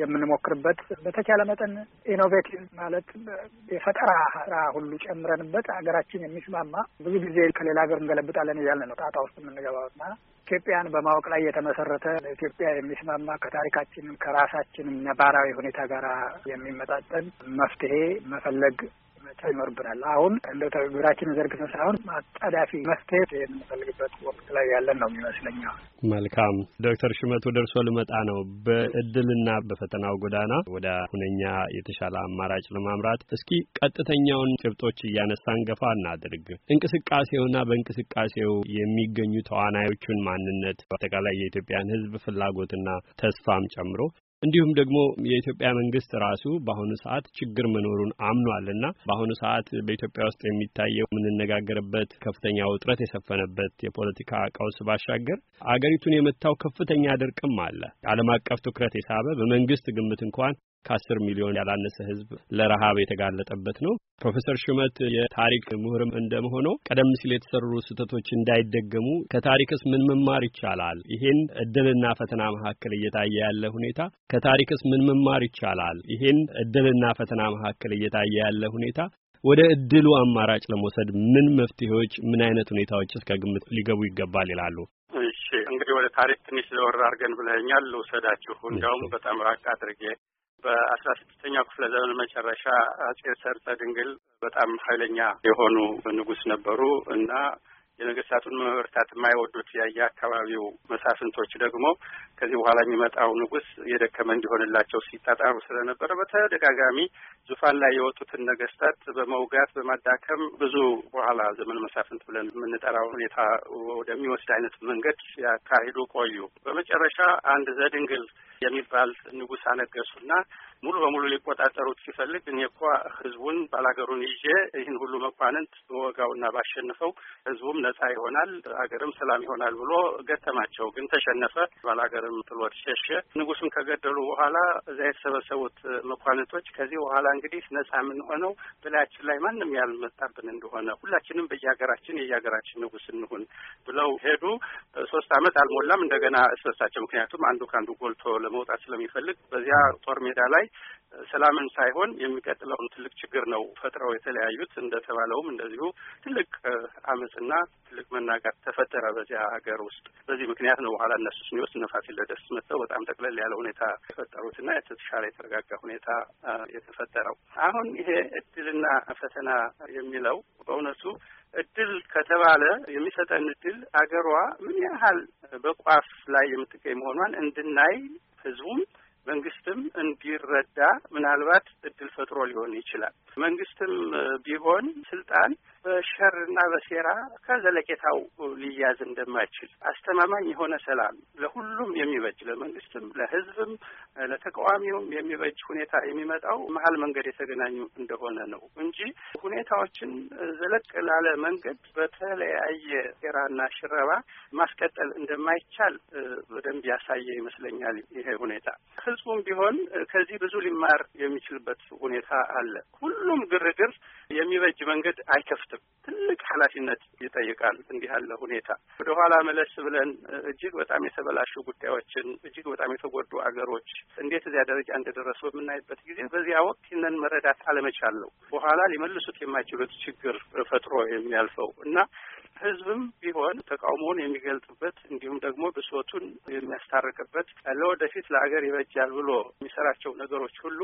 የምንሞክርበት በተቻለ መጠን ኢኖቬቲቭ ማለት የፈጠራ ስራ ሁሉ ጨምረንበት ሀገራችን የሚስማማ ብዙ ጊዜ ከሌላ ሀገር እንገለብጣለን እያልን ነው ጣጣ ውስጥ የምንገባውና ኢትዮጵያን በማወቅ ላይ የተመሰረተ ለኢትዮጵያ የሚስማማ ከታሪካችን ከራሳችን ነባራዊ ሁኔታ ጋር የሚመጣጠን መፍትሄ መፈለግ መቻ ይኖርብናል። አሁን እንደ ትብብራችን ዘርግተን ሳይሆን አጣዳፊ መፍትሄ የምንፈልግበት ወቅት ላይ ያለን ነው የሚመስለኛው። መልካም ዶክተር ሹመት ወደ እርስዎ ልመጣ ነው። በእድልና በፈተናው ጎዳና ወደ ሁነኛ የተሻለ አማራጭ ለማምራት እስኪ ቀጥተኛውን ጭብጦች እያነሳን ገፋ እናድርግ። እንቅስቃሴውና በእንቅስቃሴው የሚገኙ ተዋናዮቹን ማንነት አጠቃላይ የኢትዮጵያን ሕዝብ ፍላጎትና ተስፋም ጨምሮ እንዲሁም ደግሞ የኢትዮጵያ መንግስት ራሱ በአሁኑ ሰዓት ችግር መኖሩን አምኗል እና በአሁኑ ሰዓት በኢትዮጵያ ውስጥ የሚታየው የምንነጋገርበት ከፍተኛ ውጥረት የሰፈነበት የፖለቲካ ቀውስ ባሻገር አገሪቱን የመታው ከፍተኛ ድርቅም አለ። ዓለም አቀፍ ትኩረት የሳበ በመንግስት ግምት እንኳን ከአስር ሚሊዮን ያላነሰ ህዝብ ለረሃብ የተጋለጠበት ነው። ፕሮፌሰር ሹመት የታሪክ ምሁርም እንደመሆነው ቀደም ሲል የተሰሩ ስህተቶች እንዳይደገሙ ከታሪክስ ምን መማር ይቻላል? ይሄን እድልና ፈተና መካከል እየታየ ያለ ሁኔታ ከታሪክስ ምን መማር ይቻላል? ይሄን እድልና ፈተና መካከል እየታየ ያለ ሁኔታ ወደ እድሉ አማራጭ ለመውሰድ ምን መፍትሄዎች፣ ምን አይነት ሁኔታዎች እስከ ግምት ሊገቡ ይገባል ይላሉ? እሺ እንግዲህ ወደ ታሪክ ትንሽ ዘወር አድርገን ብለኛል ልውሰዳችሁ። እንዲያውም በጣም ራቅ አድርጌ በአስራ ስድስተኛው ክፍለ ዘመን መጨረሻ አጼ ሰርጸ ድንግል በጣም ኃይለኛ የሆኑ ንጉስ ነበሩ እና የነገስታቱን መበርታት የማይወዱት አካባቢው መሳፍንቶች ደግሞ ከዚህ በኋላ የሚመጣው ንጉስ የደከመ እንዲሆንላቸው ሲጣጣሩ ስለነበረ በተደጋጋሚ ዙፋን ላይ የወጡትን ነገስታት በመውጋት በማዳከም ብዙ በኋላ ዘመን መሳፍንት ብለን የምንጠራው ሁኔታ ወደሚወስድ አይነት መንገድ ያካሂዱ ቆዩ። በመጨረሻ አንድ ዘድንግል የሚባል ንጉስ አነገሱና ሙሉ በሙሉ ሊቆጣጠሩት ሲፈልግ እኔ እኮ ህዝቡን ባላገሩን ይዤ ይህን ሁሉ መኳንንት በወጋውና ባሸንፈው ህዝቡም ነጻ ይሆናል፣ አገርም ሰላም ይሆናል ብሎ ገተማቸው ግን ተሸነፈ። ባላገርም ጥሎት ሸሸ። ንጉሱም ከገደሉ በኋላ እዛ የተሰበሰቡት መኳንንቶች ከዚህ በኋላ እንግዲህ ነጻ የምንሆነው በላያችን ላይ ማንም ያልመጣብን እንደሆነ ሁላችንም በየሀገራችን የየሀገራችን ንጉስ እንሁን ብለው ሄዱ። ሶስት አመት አልሞላም እንደገና እስበሳቸው። ምክንያቱም አንዱ ከአንዱ ጎልቶ ለመውጣት ስለሚፈልግ በዚያ ጦር ሜዳ ላይ ላይ ሰላምን ሳይሆን የሚቀጥለውን ትልቅ ችግር ነው ፈጥረው የተለያዩት። እንደተባለውም እንደዚሁ ትልቅ አመፅና ትልቅ መናጋት ተፈጠረ በዚያ ሀገር ውስጥ። በዚህ ምክንያት ነው በኋላ እነሱ ስኒወስ እነ ፋሲለደስ መጥተው በጣም ጠቅለል ያለ ሁኔታ የፈጠሩትና የተሻለ የተረጋጋ ሁኔታ የተፈጠረው። አሁን ይሄ እድልና ፈተና የሚለው በእውነቱ እድል ከተባለ የሚሰጠን እድል አገሯ ምን ያህል በቋፍ ላይ የምትገኝ መሆኗን እንድናይ ህዝቡም መንግስትም እንዲረዳ ምናልባት እድል ፈጥሮ ሊሆን ይችላል። መንግስትም ቢሆን ስልጣን በሸር እና በሴራ ከዘለቄታው ሊያዝ እንደማይችል አስተማማኝ የሆነ ሰላም ለሁሉም የሚበጅ ለመንግስትም፣ ለህዝብም፣ ለተቃዋሚውም የሚበጅ ሁኔታ የሚመጣው መሀል መንገድ የተገናኙ እንደሆነ ነው እንጂ ሁኔታዎችን ዘለቅ ላለ መንገድ በተለያየ ሴራና ሽረባ ማስቀጠል እንደማይቻል በደንብ ያሳየ ይመስለኛል። ይሄ ሁኔታ ህዝቡም ቢሆን ከዚህ ብዙ ሊማር የሚችልበት ሁኔታ አለ። ሁሉም ግርግር የሚበጅ መንገድ አይከፍትም። ማሰብ ትልቅ ኃላፊነት ይጠይቃል። እንዲህ ያለ ሁኔታ ወደኋላ መለስ ብለን እጅግ በጣም የተበላሹ ጉዳዮችን እጅግ በጣም የተጎዱ አገሮች እንዴት እዚያ ደረጃ እንደደረሱ በምናይበት ጊዜ በዚያ ወቅት ይህንን መረዳት አለመቻለው በኋላ ሊመልሱት የማይችሉት ችግር ፈጥሮ የሚያልፈው እና ህዝብም ቢሆን ተቃውሞውን የሚገልጥበት እንዲሁም ደግሞ ብሶቱን የሚያስታርቅበት ለወደፊት ለአገር ይበጃል ብሎ የሚሰራቸው ነገሮች ሁሉ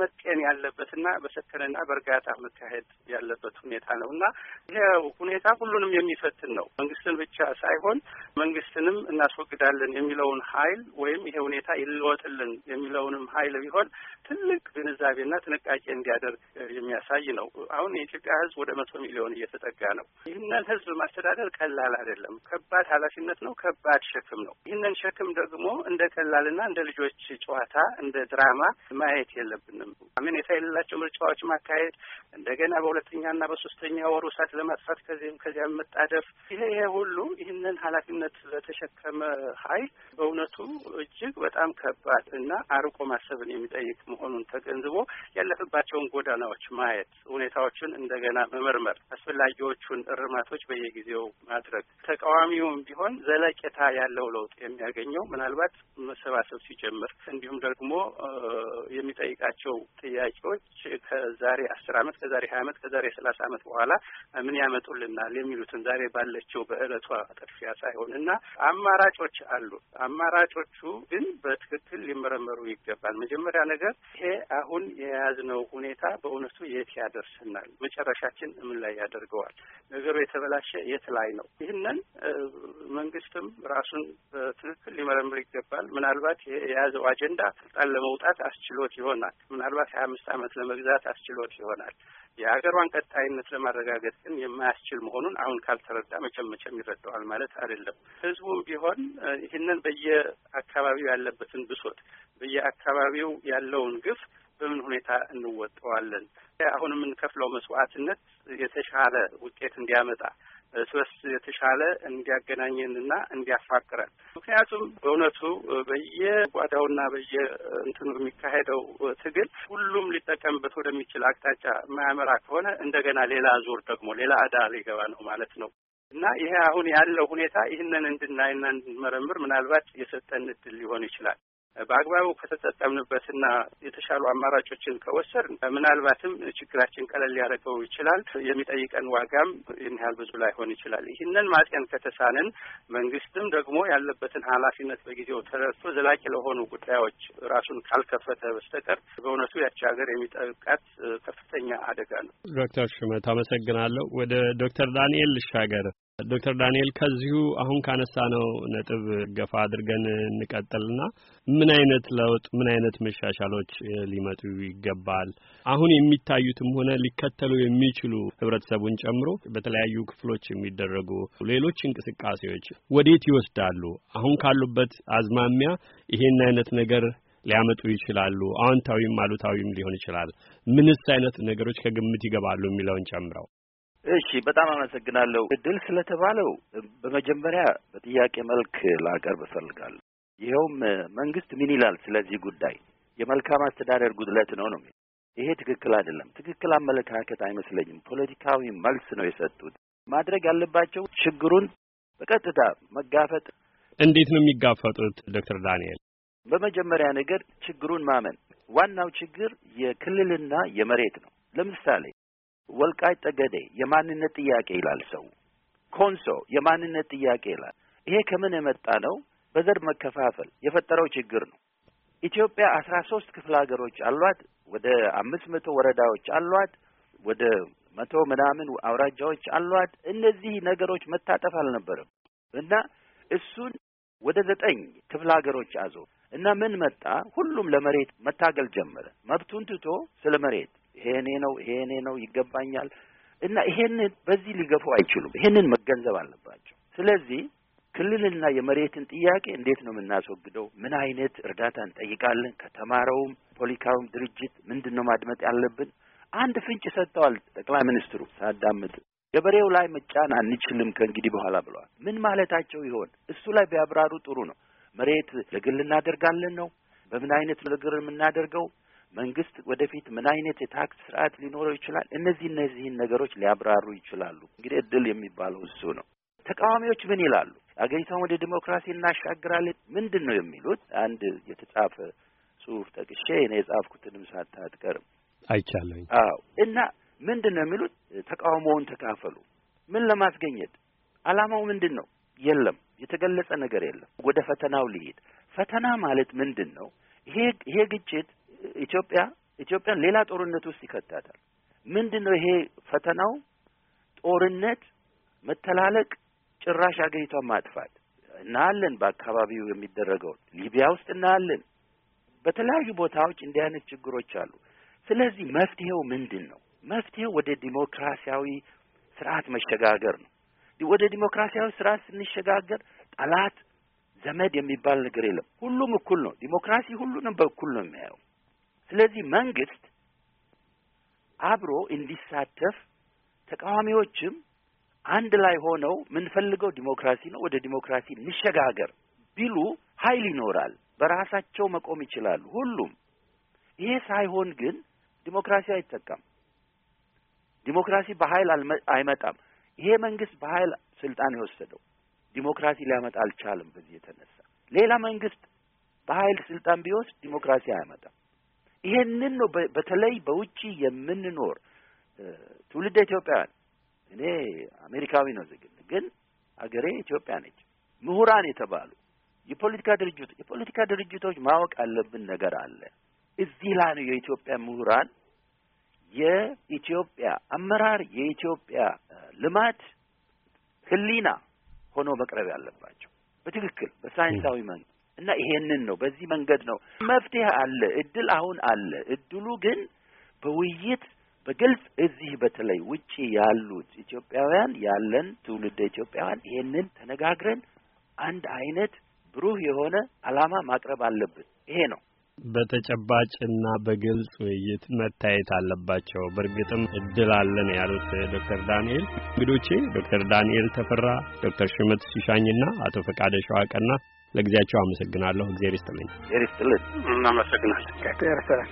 መጤን ያለበትና በሰከነና በእርጋታ መካሄድ ያለበት ሁኔታ ነው እና እና ይሄ ሁኔታ ሁሉንም የሚፈትን ነው። መንግስትን ብቻ ሳይሆን መንግስትንም እናስወግዳለን የሚለውን ኃይል ወይም ይሄ ሁኔታ ይለወጥልን የሚለውንም ኃይል ቢሆን ትልቅ ግንዛቤና ጥንቃቄ እንዲያደርግ የሚያሳይ ነው። አሁን የኢትዮጵያ ህዝብ ወደ መቶ ሚሊዮን እየተጠጋ ነው። ይህንን ህዝብ ማስተዳደር ቀላል አይደለም። ከባድ ኃላፊነት ነው። ከባድ ሸክም ነው። ይህንን ሸክም ደግሞ እንደ ቀላልና እንደ ልጆች ጨዋታ እንደ ድራማ ማየት የለብንም። አመኔታ የሌላቸው ምርጫዎች ማካሄድ እንደገና በሁለተኛና በሶስተኛ የወር ውሰት ለማጥፋት ከዚህም ከዚያም መጣደፍ፣ ይሄ ይሄ ሁሉ ይህንን ኃላፊነት ለተሸከመ ኃይል በእውነቱ እጅግ በጣም ከባድ እና አርቆ ማሰብን የሚጠይቅ መሆኑን ተገንዝቦ ያለፈባቸውን ጎዳናዎች ማየት፣ ሁኔታዎችን እንደገና መመርመር፣ አስፈላጊዎቹን እርማቶች በየጊዜው ማድረግ፣ ተቃዋሚውም ቢሆን ዘለቄታ ያለው ለውጥ የሚያገኘው ምናልባት መሰባሰብ ሲጀምር እንዲሁም ደግሞ የሚጠይቃቸው ጥያቄዎች ከዛሬ አስር አመት ከዛሬ ሀያ አመት ከዛሬ ሰላሳ አመት በኋላ ምን ያመጡልናል የሚሉትን ዛሬ ባለችው በእለቷ ጥድፊያ ሳይሆን እና አማራጮች አሉ። አማራጮቹ ግን በትክክል ሊመረመሩ ይገባል። መጀመሪያ ነገር ይሄ አሁን የያዝነው ሁኔታ በእውነቱ የት ያደርስናል? መጨረሻችን ምን ላይ ያደርገዋል? ነገሩ የተበላሸ የት ላይ ነው? ይህንን መንግስትም ራሱን በትክክል ሊመረምር ይገባል። ምናልባት የያዘው አጀንዳ ስልጣን ለመውጣት አስችሎት ይሆናል። ምናልባት ሀያ አምስት ዓመት ለመግዛት አስችሎት ይሆናል። የሀገሯን ቀጣይነት ለማድረግ ለማረጋገጥ ግን የማያስችል መሆኑን አሁን ካልተረዳ መቼም መቼም ይረዳዋል ማለት አይደለም። ህዝቡም ቢሆን ይህንን በየአካባቢው ያለበትን ብሶት፣ በየአካባቢው ያለውን ግፍ በምን ሁኔታ እንወጠዋለን? አሁን የምንከፍለው መስዋዕትነት የተሻለ ውጤት እንዲያመጣ እርስ የተሻለ እንዲያገናኘንና እንዲያፋቅረን ምክንያቱም በእውነቱ በየጓዳውና በየእንትኑ የሚካሄደው ትግል ሁሉም ሊጠቀምበት ወደሚችል አቅጣጫ ማያመራ ከሆነ እንደገና ሌላ ዙር ደግሞ ሌላ እዳ ሊገባ ነው ማለት ነው እና ይሄ አሁን ያለው ሁኔታ ይህንን እንድናይና እንድንመረምር ምናልባት የሰጠን እድል ሊሆን ይችላል። በአግባቡ ከተጠቀምንበትና የተሻሉ አማራጮችን ከወሰድ ምናልባትም ችግራችን ቀለል ሊያደርገው ይችላል። የሚጠይቀን ዋጋም ይህን ያህል ብዙ ላይሆን ይችላል። ይህንን ማጤን ከተሳንን መንግስትም ደግሞ ያለበትን ኃላፊነት በጊዜው ተረድቶ ዘላቂ ለሆኑ ጉዳዮች ራሱን ካልከፈተ በስተቀር በእውነቱ ያቺ ሀገር የሚጠብቃት ከፍተኛ አደጋ ነው። ዶክተር ሹመት አመሰግናለሁ። ወደ ዶክተር ዳንኤል ልሻገር። ዶክተር ዳንኤል ከዚሁ አሁን ካነሳ ነው ነጥብ ገፋ አድርገን እንቀጥልና ምን አይነት ለውጥ ምን አይነት መሻሻሎች ሊመጡ ይገባል? አሁን የሚታዩትም ሆነ ሊከተሉ የሚችሉ ህብረተሰቡን ጨምሮ በተለያዩ ክፍሎች የሚደረጉ ሌሎች እንቅስቃሴዎች ወዴት ይወስዳሉ? አሁን ካሉበት አዝማሚያ ይሄን አይነት ነገር ሊያመጡ ይችላሉ። አዎንታዊም አሉታዊም ሊሆን ይችላል። ምንስ አይነት ነገሮች ከግምት ይገባሉ የሚለውን ጨምረው እሺ፣ በጣም አመሰግናለሁ እድል ስለተባለው በመጀመሪያ በጥያቄ መልክ ላቀርብ እፈልጋለሁ። ይኸውም መንግስት ምን ይላል ስለዚህ ጉዳይ የመልካም አስተዳደር ጉድለት ነው ነው። ይሄ ትክክል አይደለም፣ ትክክል አመለካከት አይመስለኝም። ፖለቲካዊ መልስ ነው የሰጡት። ማድረግ ያለባቸው ችግሩን በቀጥታ መጋፈጥ። እንዴት ነው የሚጋፈጡት ዶክተር ዳንኤል? በመጀመሪያ ነገር ችግሩን ማመን። ዋናው ችግር የክልልና የመሬት ነው። ለምሳሌ ወልቃይ ጠገዴ የማንነት ጥያቄ ይላል ሰው። ኮንሶ የማንነት ጥያቄ ይላል። ይሄ ከምን የመጣ ነው? በዘር መከፋፈል የፈጠረው ችግር ነው። ኢትዮጵያ አስራ ሶስት ክፍለ ሀገሮች አሏት። ወደ አምስት መቶ ወረዳዎች አሏት። ወደ መቶ ምናምን አውራጃዎች አሏት። እነዚህ ነገሮች መታጠፍ አልነበረም እና እሱን ወደ ዘጠኝ ክፍለ ሀገሮች አዞ እና ምን መጣ? ሁሉም ለመሬት መታገል ጀመረ። መብቱን ትቶ ስለ መሬት ይሄ እኔ ነው፣ ይሄ እኔ ነው፣ ይገባኛል እና ይሄንን በዚህ ሊገፉ አይችሉም። ይሄንን መገንዘብ አለባቸው። ስለዚህ ክልልና የመሬትን ጥያቄ እንዴት ነው የምናስወግደው? ምን አይነት እርዳታ እንጠይቃለን? ከተማረውም ፖለቲካውም ድርጅት ምንድን ነው ማድመጥ ያለብን? አንድ ፍንጭ ሰጥተዋል ጠቅላይ ሚኒስትሩ ሳዳምጥ ገበሬው ላይ መጫን አንችልም ከእንግዲህ በኋላ ብለዋል። ምን ማለታቸው ይሆን? እሱ ላይ ቢያብራሩ ጥሩ ነው። መሬት ለግል እናደርጋለን ነው? በምን አይነት ለግል የምናደርገው? መንግስት ወደፊት ምን አይነት የታክስ ስርዓት ሊኖረው ይችላል? እነዚህ እነዚህን ነገሮች ሊያብራሩ ይችላሉ። እንግዲህ እድል የሚባለው እሱ ነው። ተቃዋሚዎች ምን ይላሉ? አገሪቷን ወደ ዲሞክራሲ እናሻግራለን ምንድን ነው የሚሉት? አንድ የተጻፈ ጽሁፍ ጠቅሼ እኔ የጻፍኩትንም ሳታጥቀርም አይቻለኝ። አዎ። እና ምንድን ነው የሚሉት? ተቃውሞውን ተካፈሉ። ምን ለማስገኘት አላማው ምንድን ነው? የለም የተገለጸ ነገር የለም። ወደ ፈተናው ልሂድ። ፈተና ማለት ምንድን ነው? ይሄ ይሄ ግጭት ኢትዮጵያ ኢትዮጵያን ሌላ ጦርነት ውስጥ ይከታታል። ምንድን ነው ይሄ ፈተናው? ጦርነት፣ መተላለቅ፣ ጭራሽ አገሪቷን ማጥፋት እናያለን። በአካባቢው የሚደረገውን ሊቢያ ውስጥ እናያለን። በተለያዩ ቦታዎች እንዲህ አይነት ችግሮች አሉ። ስለዚህ መፍትሄው ምንድን ነው? መፍትሄው ወደ ዲሞክራሲያዊ ስርዓት መሸጋገር ነው። ወደ ዲሞክራሲያዊ ስርዓት ስንሸጋገር ጠላት ዘመድ የሚባል ነገር የለም። ሁሉም እኩል ነው። ዲሞክራሲ ሁሉንም በእኩል ነው የሚያየው። ስለዚህ መንግስት አብሮ እንዲሳተፍ ተቃዋሚዎችም አንድ ላይ ሆነው የምንፈልገው ዲሞክራሲ ነው፣ ወደ ዲሞክራሲ እንሸጋገር ቢሉ ኃይል ይኖራል። በራሳቸው መቆም ይችላሉ ሁሉም። ይሄ ሳይሆን ግን ዲሞክራሲ አይተካም። ዲሞክራሲ በኃይል አይመጣም። ይሄ መንግስት በኃይል ስልጣን የወሰደው ዲሞክራሲ ሊያመጣ አልቻለም። በዚህ የተነሳ ሌላ መንግስት በኃይል ስልጣን ቢወስድ ዲሞክራሲ አያመጣም። ይሄንን ነው በተለይ በውጭ የምንኖር ትውልደ ኢትዮጵያውያን። እኔ አሜሪካዊ ነው ዜግነት፣ ግን አገሬ ኢትዮጵያ ነች። ምሁራን የተባሉ የፖለቲካ ድርጅት የፖለቲካ ድርጅቶች ማወቅ ያለብን ነገር አለ። እዚህ ላይ ነው የኢትዮጵያ ምሁራን፣ የኢትዮጵያ አመራር፣ የኢትዮጵያ ልማት ህሊና ሆኖ መቅረብ ያለባቸው በትክክል በሳይንሳዊ መንገድ እና ይሄንን ነው በዚህ መንገድ ነው መፍትሄ አለ። እድል አሁን አለ። እድሉ ግን በውይይት በግልጽ እዚህ በተለይ ውጪ ያሉት ኢትዮጵያውያን ያለን ትውልደ ኢትዮጵያውያን ይሄንን ተነጋግረን አንድ አይነት ብሩህ የሆነ አላማ ማቅረብ አለብን። ይሄ ነው በተጨባጭና በግልጽ ውይይት መታየት አለባቸው። በእርግጥም እድል አለን ያሉት ዶክተር ዳንኤል እንግዶቼ ዶክተር ዳንኤል ተፈራ፣ ዶክተር ሽመት ሲሻኝና አቶ ፈቃደ ሸዋቀና ለጊዜያቸው አመሰግናለሁ። እግዚአብሔር ይስጥልኝ። እግዚአብሔር ይስጥልኝ። እናመሰግናለን። እግዚአብሔር ይስጥልኝ።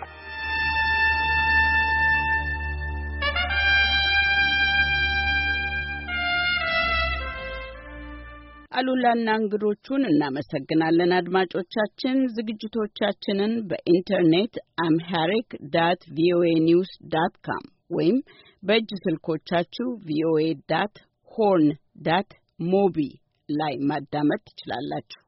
አሉላና እንግዶቹን እናመሰግናለን። አድማጮቻችን ዝግጅቶቻችንን በኢንተርኔት አምሃሪክ ዳት ቪኦኤ ኒውስ ዳት ካም ወይም በእጅ ስልኮቻችሁ ቪኦኤ ዳት ሆርን ዳት ሞቢ ላይ ማዳመጥ ትችላላችሁ።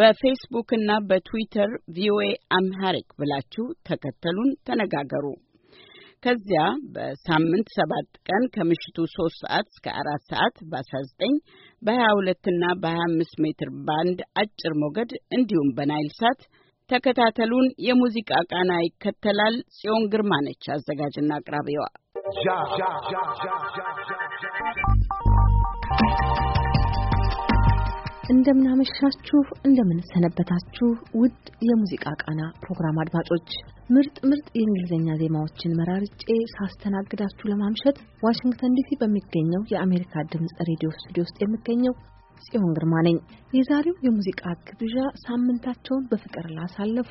በፌስቡክ እና በትዊተር ቪኦኤ አምሃሪክ ብላችሁ ተከተሉን፣ ተነጋገሩ። ከዚያ በሳምንት ሰባት ቀን ከምሽቱ ሶስት ሰዓት እስከ አራት ሰዓት በአስራ ዘጠኝ በሀያ ና በሀያ አምስት ሜትር ባንድ አጭር ሞገድ እንዲሁም በናይል ሳት ተከታተሉን። የሙዚቃ ቃና ይከተላል። ጽዮን ግርማ ነች አዘጋጅና አቅራቢዋ። እንደምናመሻችሁ እንደምንሰነበታችሁ ውድ የሙዚቃ ቃና ፕሮግራም አድማጮች ምርጥ ምርጥ የእንግሊዝኛ ዜማዎችን መራርጬ ሳስተናግዳችሁ ለማምሸት ዋሽንግተን ዲሲ በሚገኘው የአሜሪካ ድምፅ ሬዲዮ ስቱዲዮ ውስጥ የሚገኘው ጽዮን ግርማ ነኝ። የዛሬው የሙዚቃ ግብዣ ሳምንታቸውን በፍቅር ላሳለፉ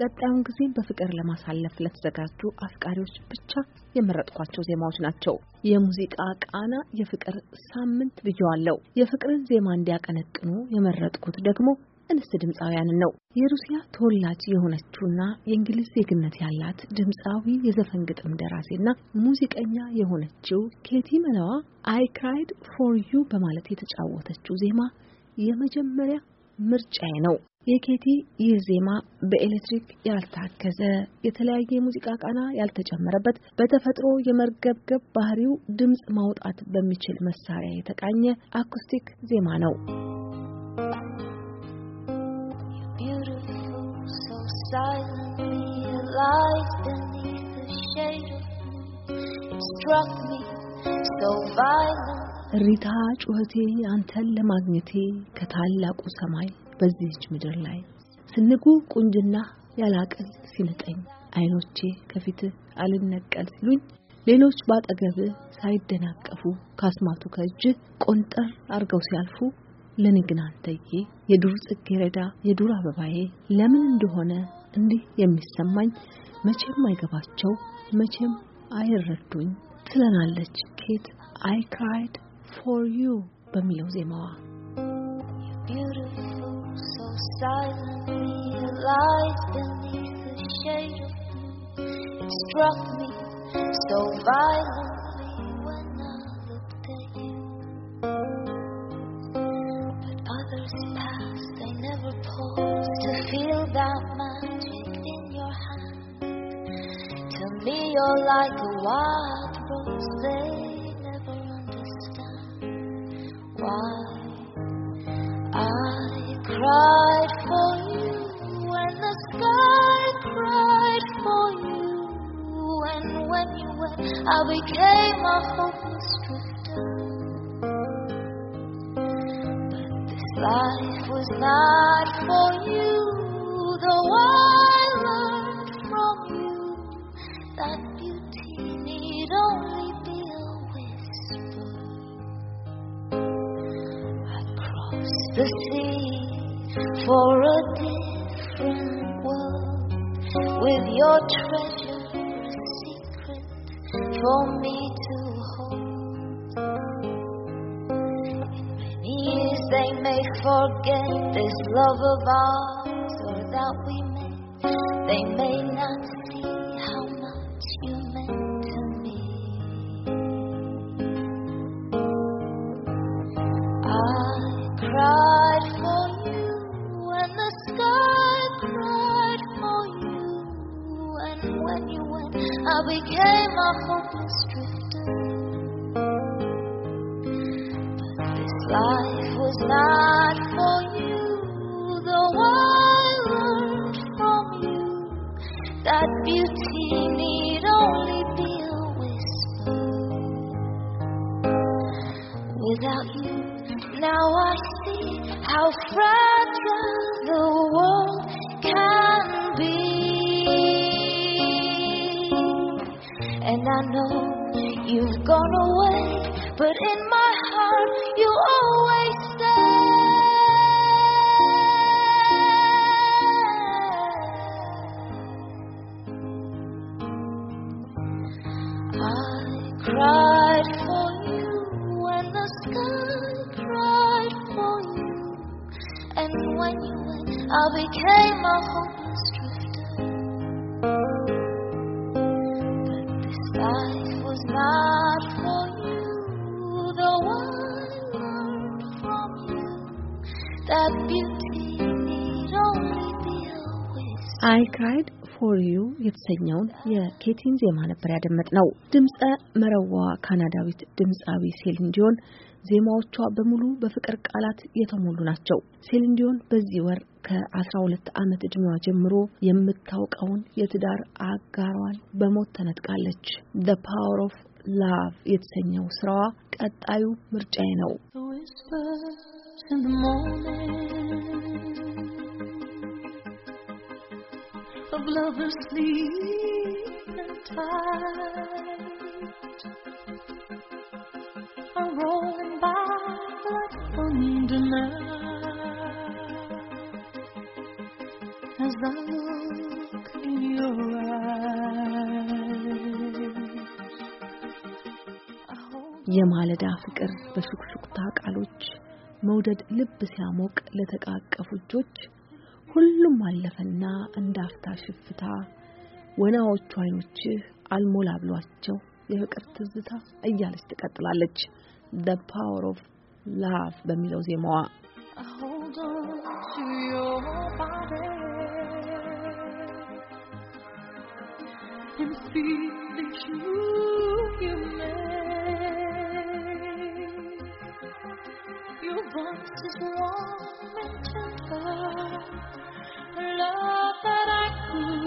ቀጣዩን ጊዜ በፍቅር ለማሳለፍ ለተዘጋጁ አፍቃሪዎች ብቻ የመረጥኳቸው ዜማዎች ናቸው። የሙዚቃ ቃና የፍቅር ሳምንት ብየዋለሁ። የፍቅርን ዜማ እንዲያቀነቅኑ የመረጥኩት ደግሞ እንስት ድምፃውያንን ነው። የሩሲያ ተወላጅ የሆነችውና የእንግሊዝ ዜግነት ያላት ድምፃዊ የዘፈን ግጥም ደራሲና ሙዚቀኛ የሆነችው ኬቲ መለዋ አይ ክራይድ ፎር ዩ በማለት የተጫወተችው ዜማ የመጀመሪያ ምርጫዬ ነው። የኬቲ ይህ ዜማ በኤሌክትሪክ ያልታገዘ የተለያየ ሙዚቃ ቃና ያልተጨመረበት በተፈጥሮ የመርገብገብ ባህሪው ድምፅ ማውጣት በሚችል መሳሪያ የተቃኘ አኩስቲክ ዜማ ነው። እሪታ ጩኸቴ አንተን ለማግኘቴ ከታላቁ ሰማይ በዚህች ምድር ላይ ስንጉ ቁንጅና ያላቀል ሲንጠኝ አይኖቼ ከፊት አልነቀል ሲሉኝ ሌሎች ባጠገብ ሳይደናቀፉ ካስማቱ ከእጅ ቆንጠር አርገው ሲያልፉ ለኔ ግን አንተዬ የዱር ጽጌረዳ የዱር አበባዬ ለምን እንደሆነ እንዲህ የሚሰማኝ መቼም አይገባቸው መቼም አይረዱኝ ትለናለች ኬት አይ ክራይድ ፎር ዩ በሚለው ዜማዋ silent fear lies beneath the shade of It struck me so violently when I looked at you. But others passed, they never paused to feel that magic in your hand. To me, you're like a wild. I became a fool. የኬቲን ዜማ ነበር ያደመጥ ነው። ድምጸ መረዋ ካናዳዊት ድምፃዊ ሴሊን ዲዮን ዜማዎቿ በሙሉ በፍቅር ቃላት የተሞሉ ናቸው። ሴሊን ዲዮን በዚህ ወር ከ12 ዓመት ዕድሜዋ ጀምሮ የምታውቀውን የትዳር አጋሯን በሞት ተነጥቃለች። ዘ ፓወር ኦፍ ላቭ የተሰኘው ስራዋ ቀጣዩ ምርጫዬ ነው። of lovers and tight are rolling by like thunder now as I look in your eyes. የማለዳ ፍቅር በሹክሹክታ ቃሎች መውደድ ልብ ሲያሞቅ ለተቃቀፉ እጆች ሁሉም አለፈና እንዳፍታ ሽፍታ ወናዎቹ አይኖችህ አልሞላ ብሏቸው የፍቅር ትዝታ እያለች ትቀጥላለች። the power of love በሚለው ዜማዋ Your into the love that I could.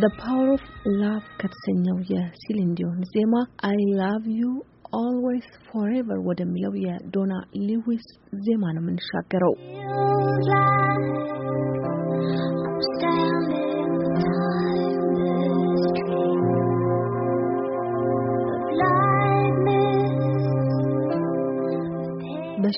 ዘ ፓወር ኦፍ ላቭ ከተሰኘው የሲሊን ዲዮን ዜማ አይ ላቭ ዩ ኦልዌይስ ፎሬቨር ወደሚለው የዶና ሊዊስ ዜማ ነው የምንሻገረው።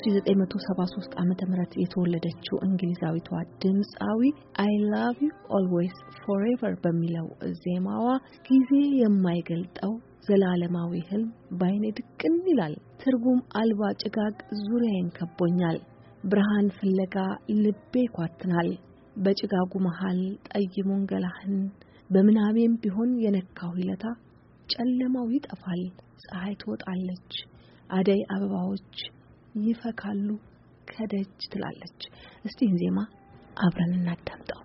በ1973 የተወለደችው እንግሊዛዊቷ ድምፃዊ አይ ላቭ ዩ ኦልዌይስ ፎሬቨር በሚለው ዜማዋ ጊዜ የማይገልጠው ዘላለማዊ ህልም ባይኔ ድቅን ይላል። ትርጉም አልባ ጭጋግ ዙሪያዬን ከቦኛል፣ ብርሃን ፍለጋ ልቤ ይኳትናል። በጭጋጉ መሃል ጠይሙን ገላህን በምናቤም ቢሆን የነካው ይለታ ጨለማው ይጠፋል፣ ፀሐይ ትወጣለች፣ አደይ አበባዎች ይፈካሉ ከደጅ ትላለች። እስቲ ዜማ አብረን እናዳምጠው።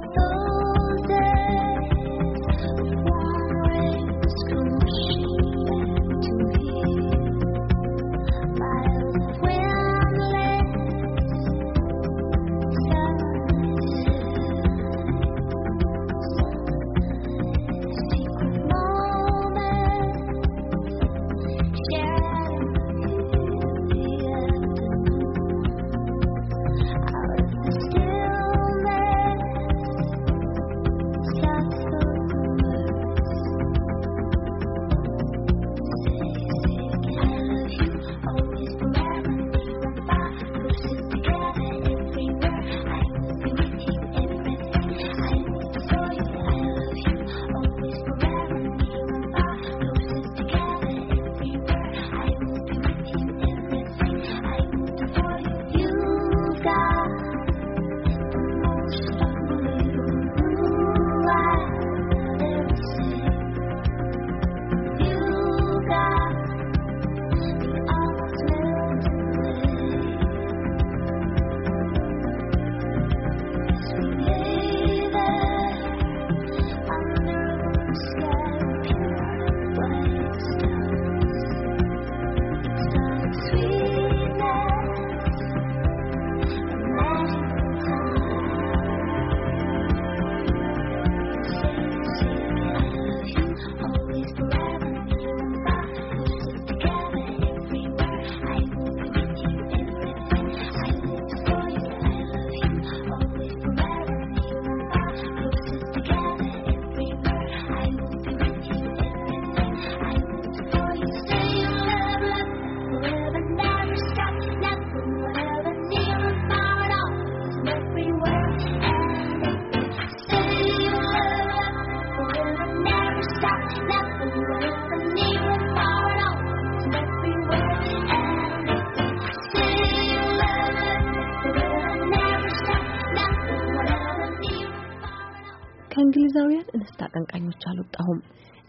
ሰዎች አልወጣሁም።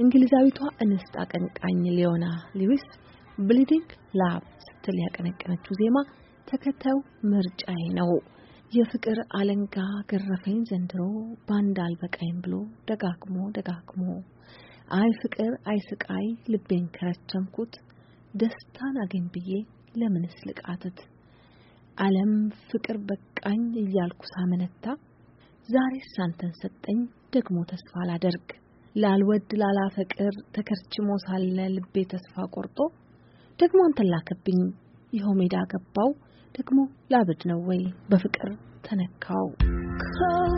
እንግሊዛዊቷ እንስት አቀንቃኝ ሊዮና ሊዊስ ብሊዲንግ ላቭ ስትል ያቀነቀነችው ዜማ ተከታዩ ምርጫዬ ነው። የፍቅር አለንጋ ገረፈኝ ዘንድሮ ባንድ አልበቃኝ ብሎ ደጋግሞ ደጋግሞ አይ ፍቅር አይ ስቃይ ልቤን ከረቸምኩት ደስታን አገኝ ብዬ ለምንስ ልቃትት ዓለም ፍቅር በቃኝ እያልኩ ሳመነታ ዛሬ ሳንተን ሰጠኝ ደግሞ ተስፋ አላደርግ ላልወድ ላላፈቅር ተከርችሞ ሳለ ልቤ ተስፋ ቆርጦ ደግሞ አንተን ላከብኝ ይኸው ሜዳ ገባው ደግሞ ላብድ ነው ወይ በፍቅር ተነካው Time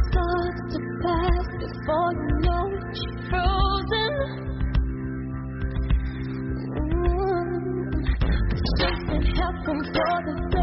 starts to pass before you know help them for the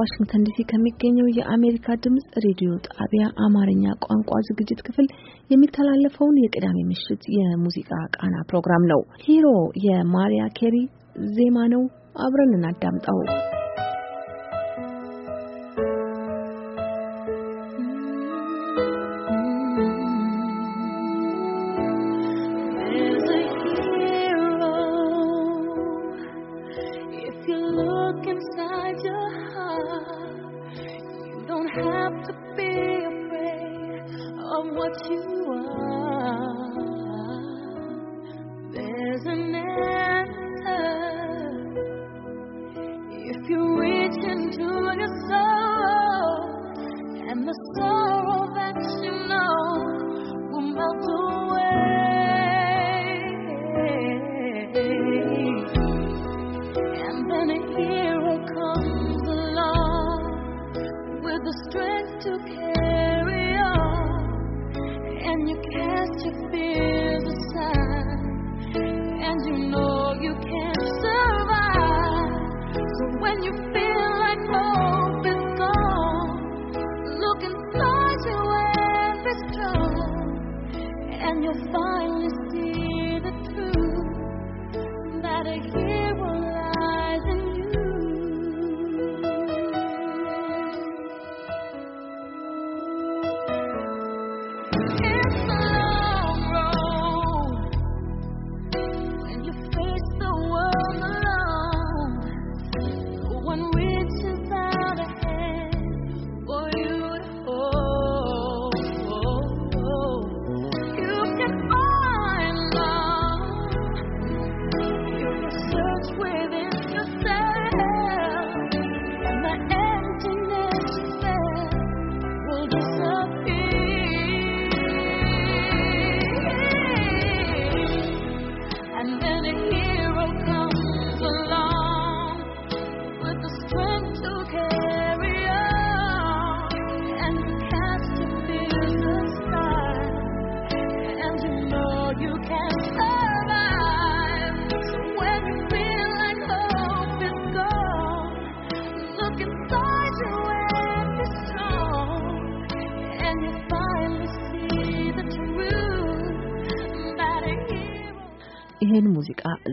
ዋሽንግተን ዲሲ ከሚገኘው የአሜሪካ ድምጽ ሬዲዮ ጣቢያ አማርኛ ቋንቋ ዝግጅት ክፍል የሚተላለፈውን የቅዳሜ ምሽት የሙዚቃ ቃና ፕሮግራም ነው። ሂሮ የማሪያ ኬሪ ዜማ ነው። አብረን እናዳምጠው።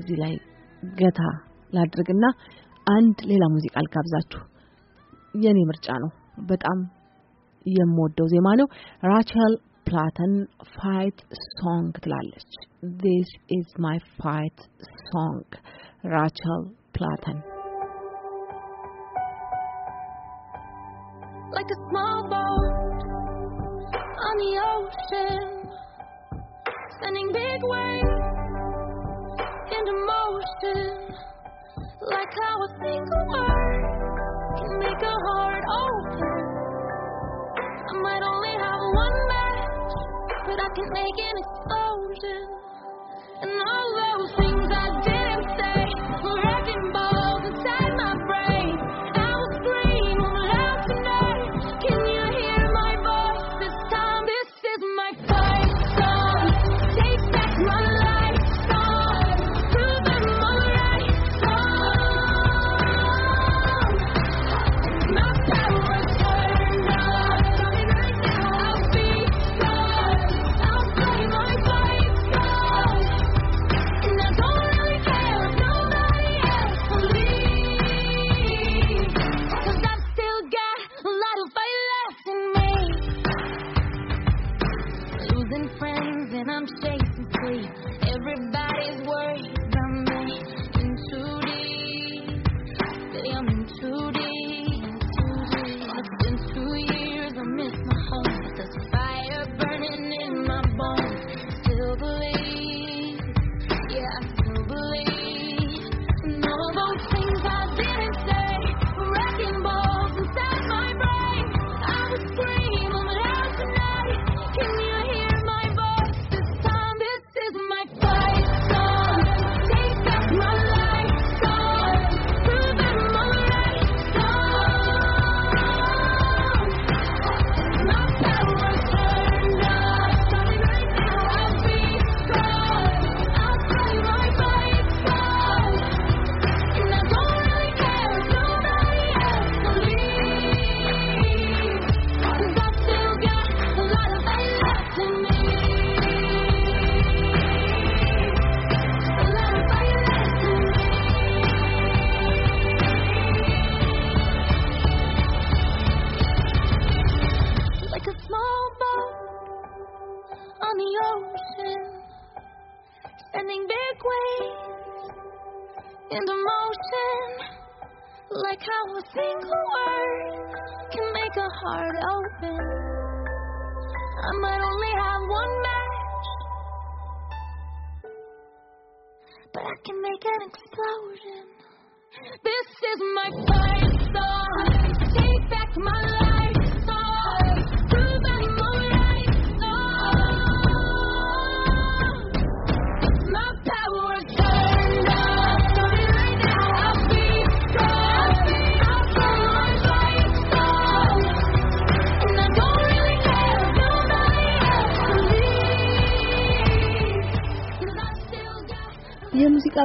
እዚህ ላይ ገታ ላድርግና አንድ ሌላ ሙዚቃ ልጋብዛችሁ። የኔ ምርጫ ነው። በጣም የምወደው ዜማ ነው። ራቸል ፕላተን ፋይት ሶንግ ትላለች። ዲስ ኢዝ ማይ ፋይት ሶንግ ራቸል ፕላተን Like a small boat on the ocean sending big waves Into motion, like how a single word can make a heart open. I might only have one match, but I can make an explosion, and all those.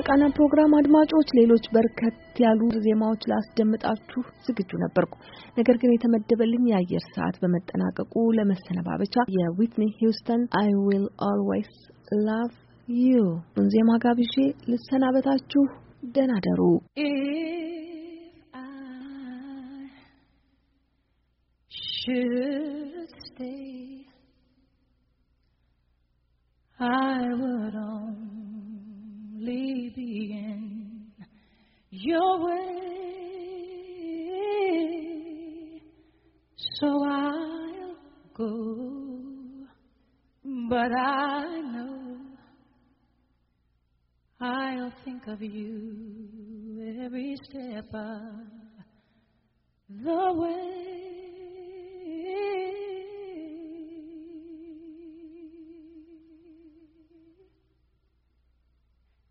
ቃና ፕሮግራም አድማጮች ሌሎች በርከት ያሉ ዜማዎች ላስደምጣችሁ ዝግጁ ነበርኩ። ነገር ግን የተመደበልኝ የአየር ሰዓት በመጠናቀቁ ለመሰነባበቻ የዊትኒ ሂውስተን አይ ዊል ኦልዌይስ ላቭ ዩ ዜማ ጋብዤ ልሰናበታችሁ። ደህና ደሩ። I would only only the end. Your way, so I'll go. But I know I'll think of you every step of the way.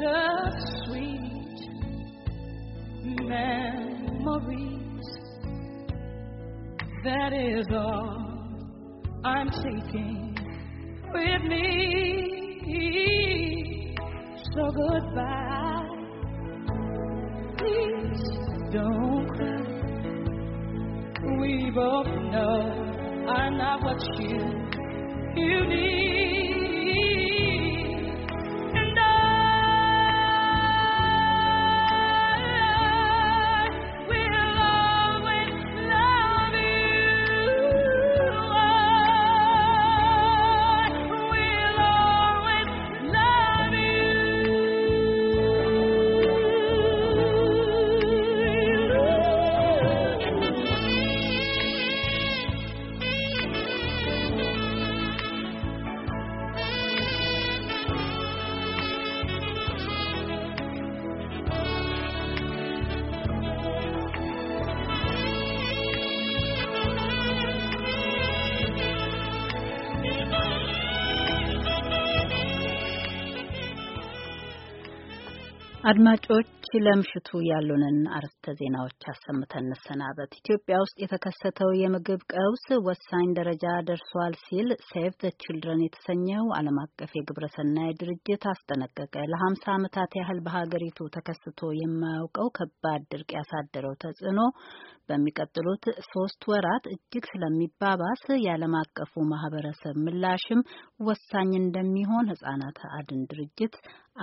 bittersweet memories. That is all I'm taking with me. So goodbye. Please don't cry. We both know I'm not what you you need. አድማጮች ለምሽቱ ያሉንን አርዕስተ ዜናዎች አሰምተን እንሰናበት። ኢትዮጵያ ውስጥ የተከሰተው የምግብ ቀውስ ወሳኝ ደረጃ ደርሷል ሲል ሴቭ ዘ ችልድረን የተሰኘው ዓለም አቀፍ የግብረሰናይ ድርጅት አስጠነቀቀ። ለሀምሳ ዓመታት ያህል በሀገሪቱ ተከስቶ የማያውቀው ከባድ ድርቅ ያሳደረው ተጽዕኖ በሚቀጥሉት ሶስት ወራት እጅግ ስለሚባባስ የዓለም አቀፉ ማህበረሰብ ምላሽም ወሳኝ እንደሚሆን ህጻናት አድን ድርጅት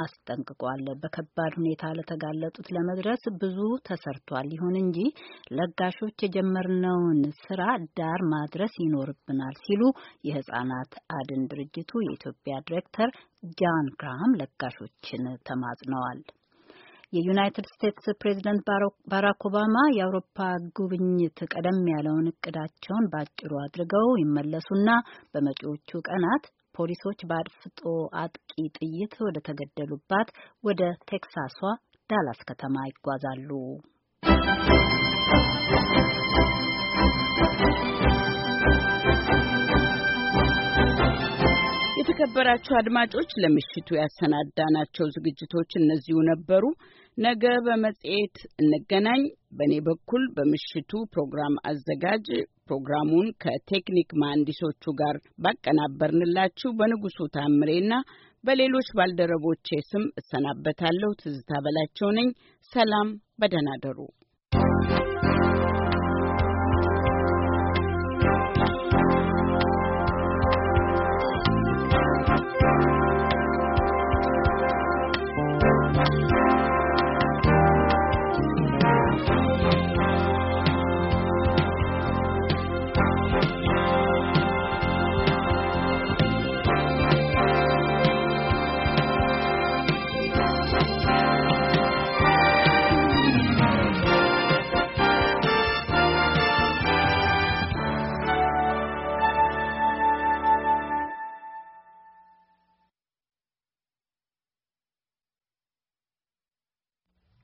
አስጠንቅቋል። በከባድ ሁኔታ ለተጋለጡት ለመድረስ ብዙ ተሰርቷል። ይሁን እንጂ ለጋሾች የጀመርነውን ስራ ዳር ማድረስ ይኖርብናል ሲሉ የህጻናት አድን ድርጅቱ የኢትዮጵያ ዲሬክተር ጃን ግራም ለጋሾችን ተማጽነዋል። የዩናይትድ ስቴትስ ፕሬዝደንት ባራክ ኦባማ የአውሮፓ ጉብኝት ቀደም ያለውን እቅዳቸውን በአጭሩ አድርገው ይመለሱና በመጪዎቹ ቀናት ፖሊሶች በአድፍጦ አጥቂ ጥይት ወደ ተገደሉባት ወደ ቴክሳሷ ዳላስ ከተማ ይጓዛሉ። የተከበራችሁ አድማጮች ለምሽቱ ያሰናዳናቸው ዝግጅቶች እነዚሁ ነበሩ። ነገ በመጽሔት እንገናኝ። በእኔ በኩል በምሽቱ ፕሮግራም አዘጋጅ ፕሮግራሙን ከቴክኒክ መሐንዲሶቹ ጋር ባቀናበርንላችሁ በንጉሱ ታምሬና በሌሎች ባልደረቦቼ ስም እሰናበታለሁ። ትዝታ በላቸው ነኝ። ሰላም፣ በደህና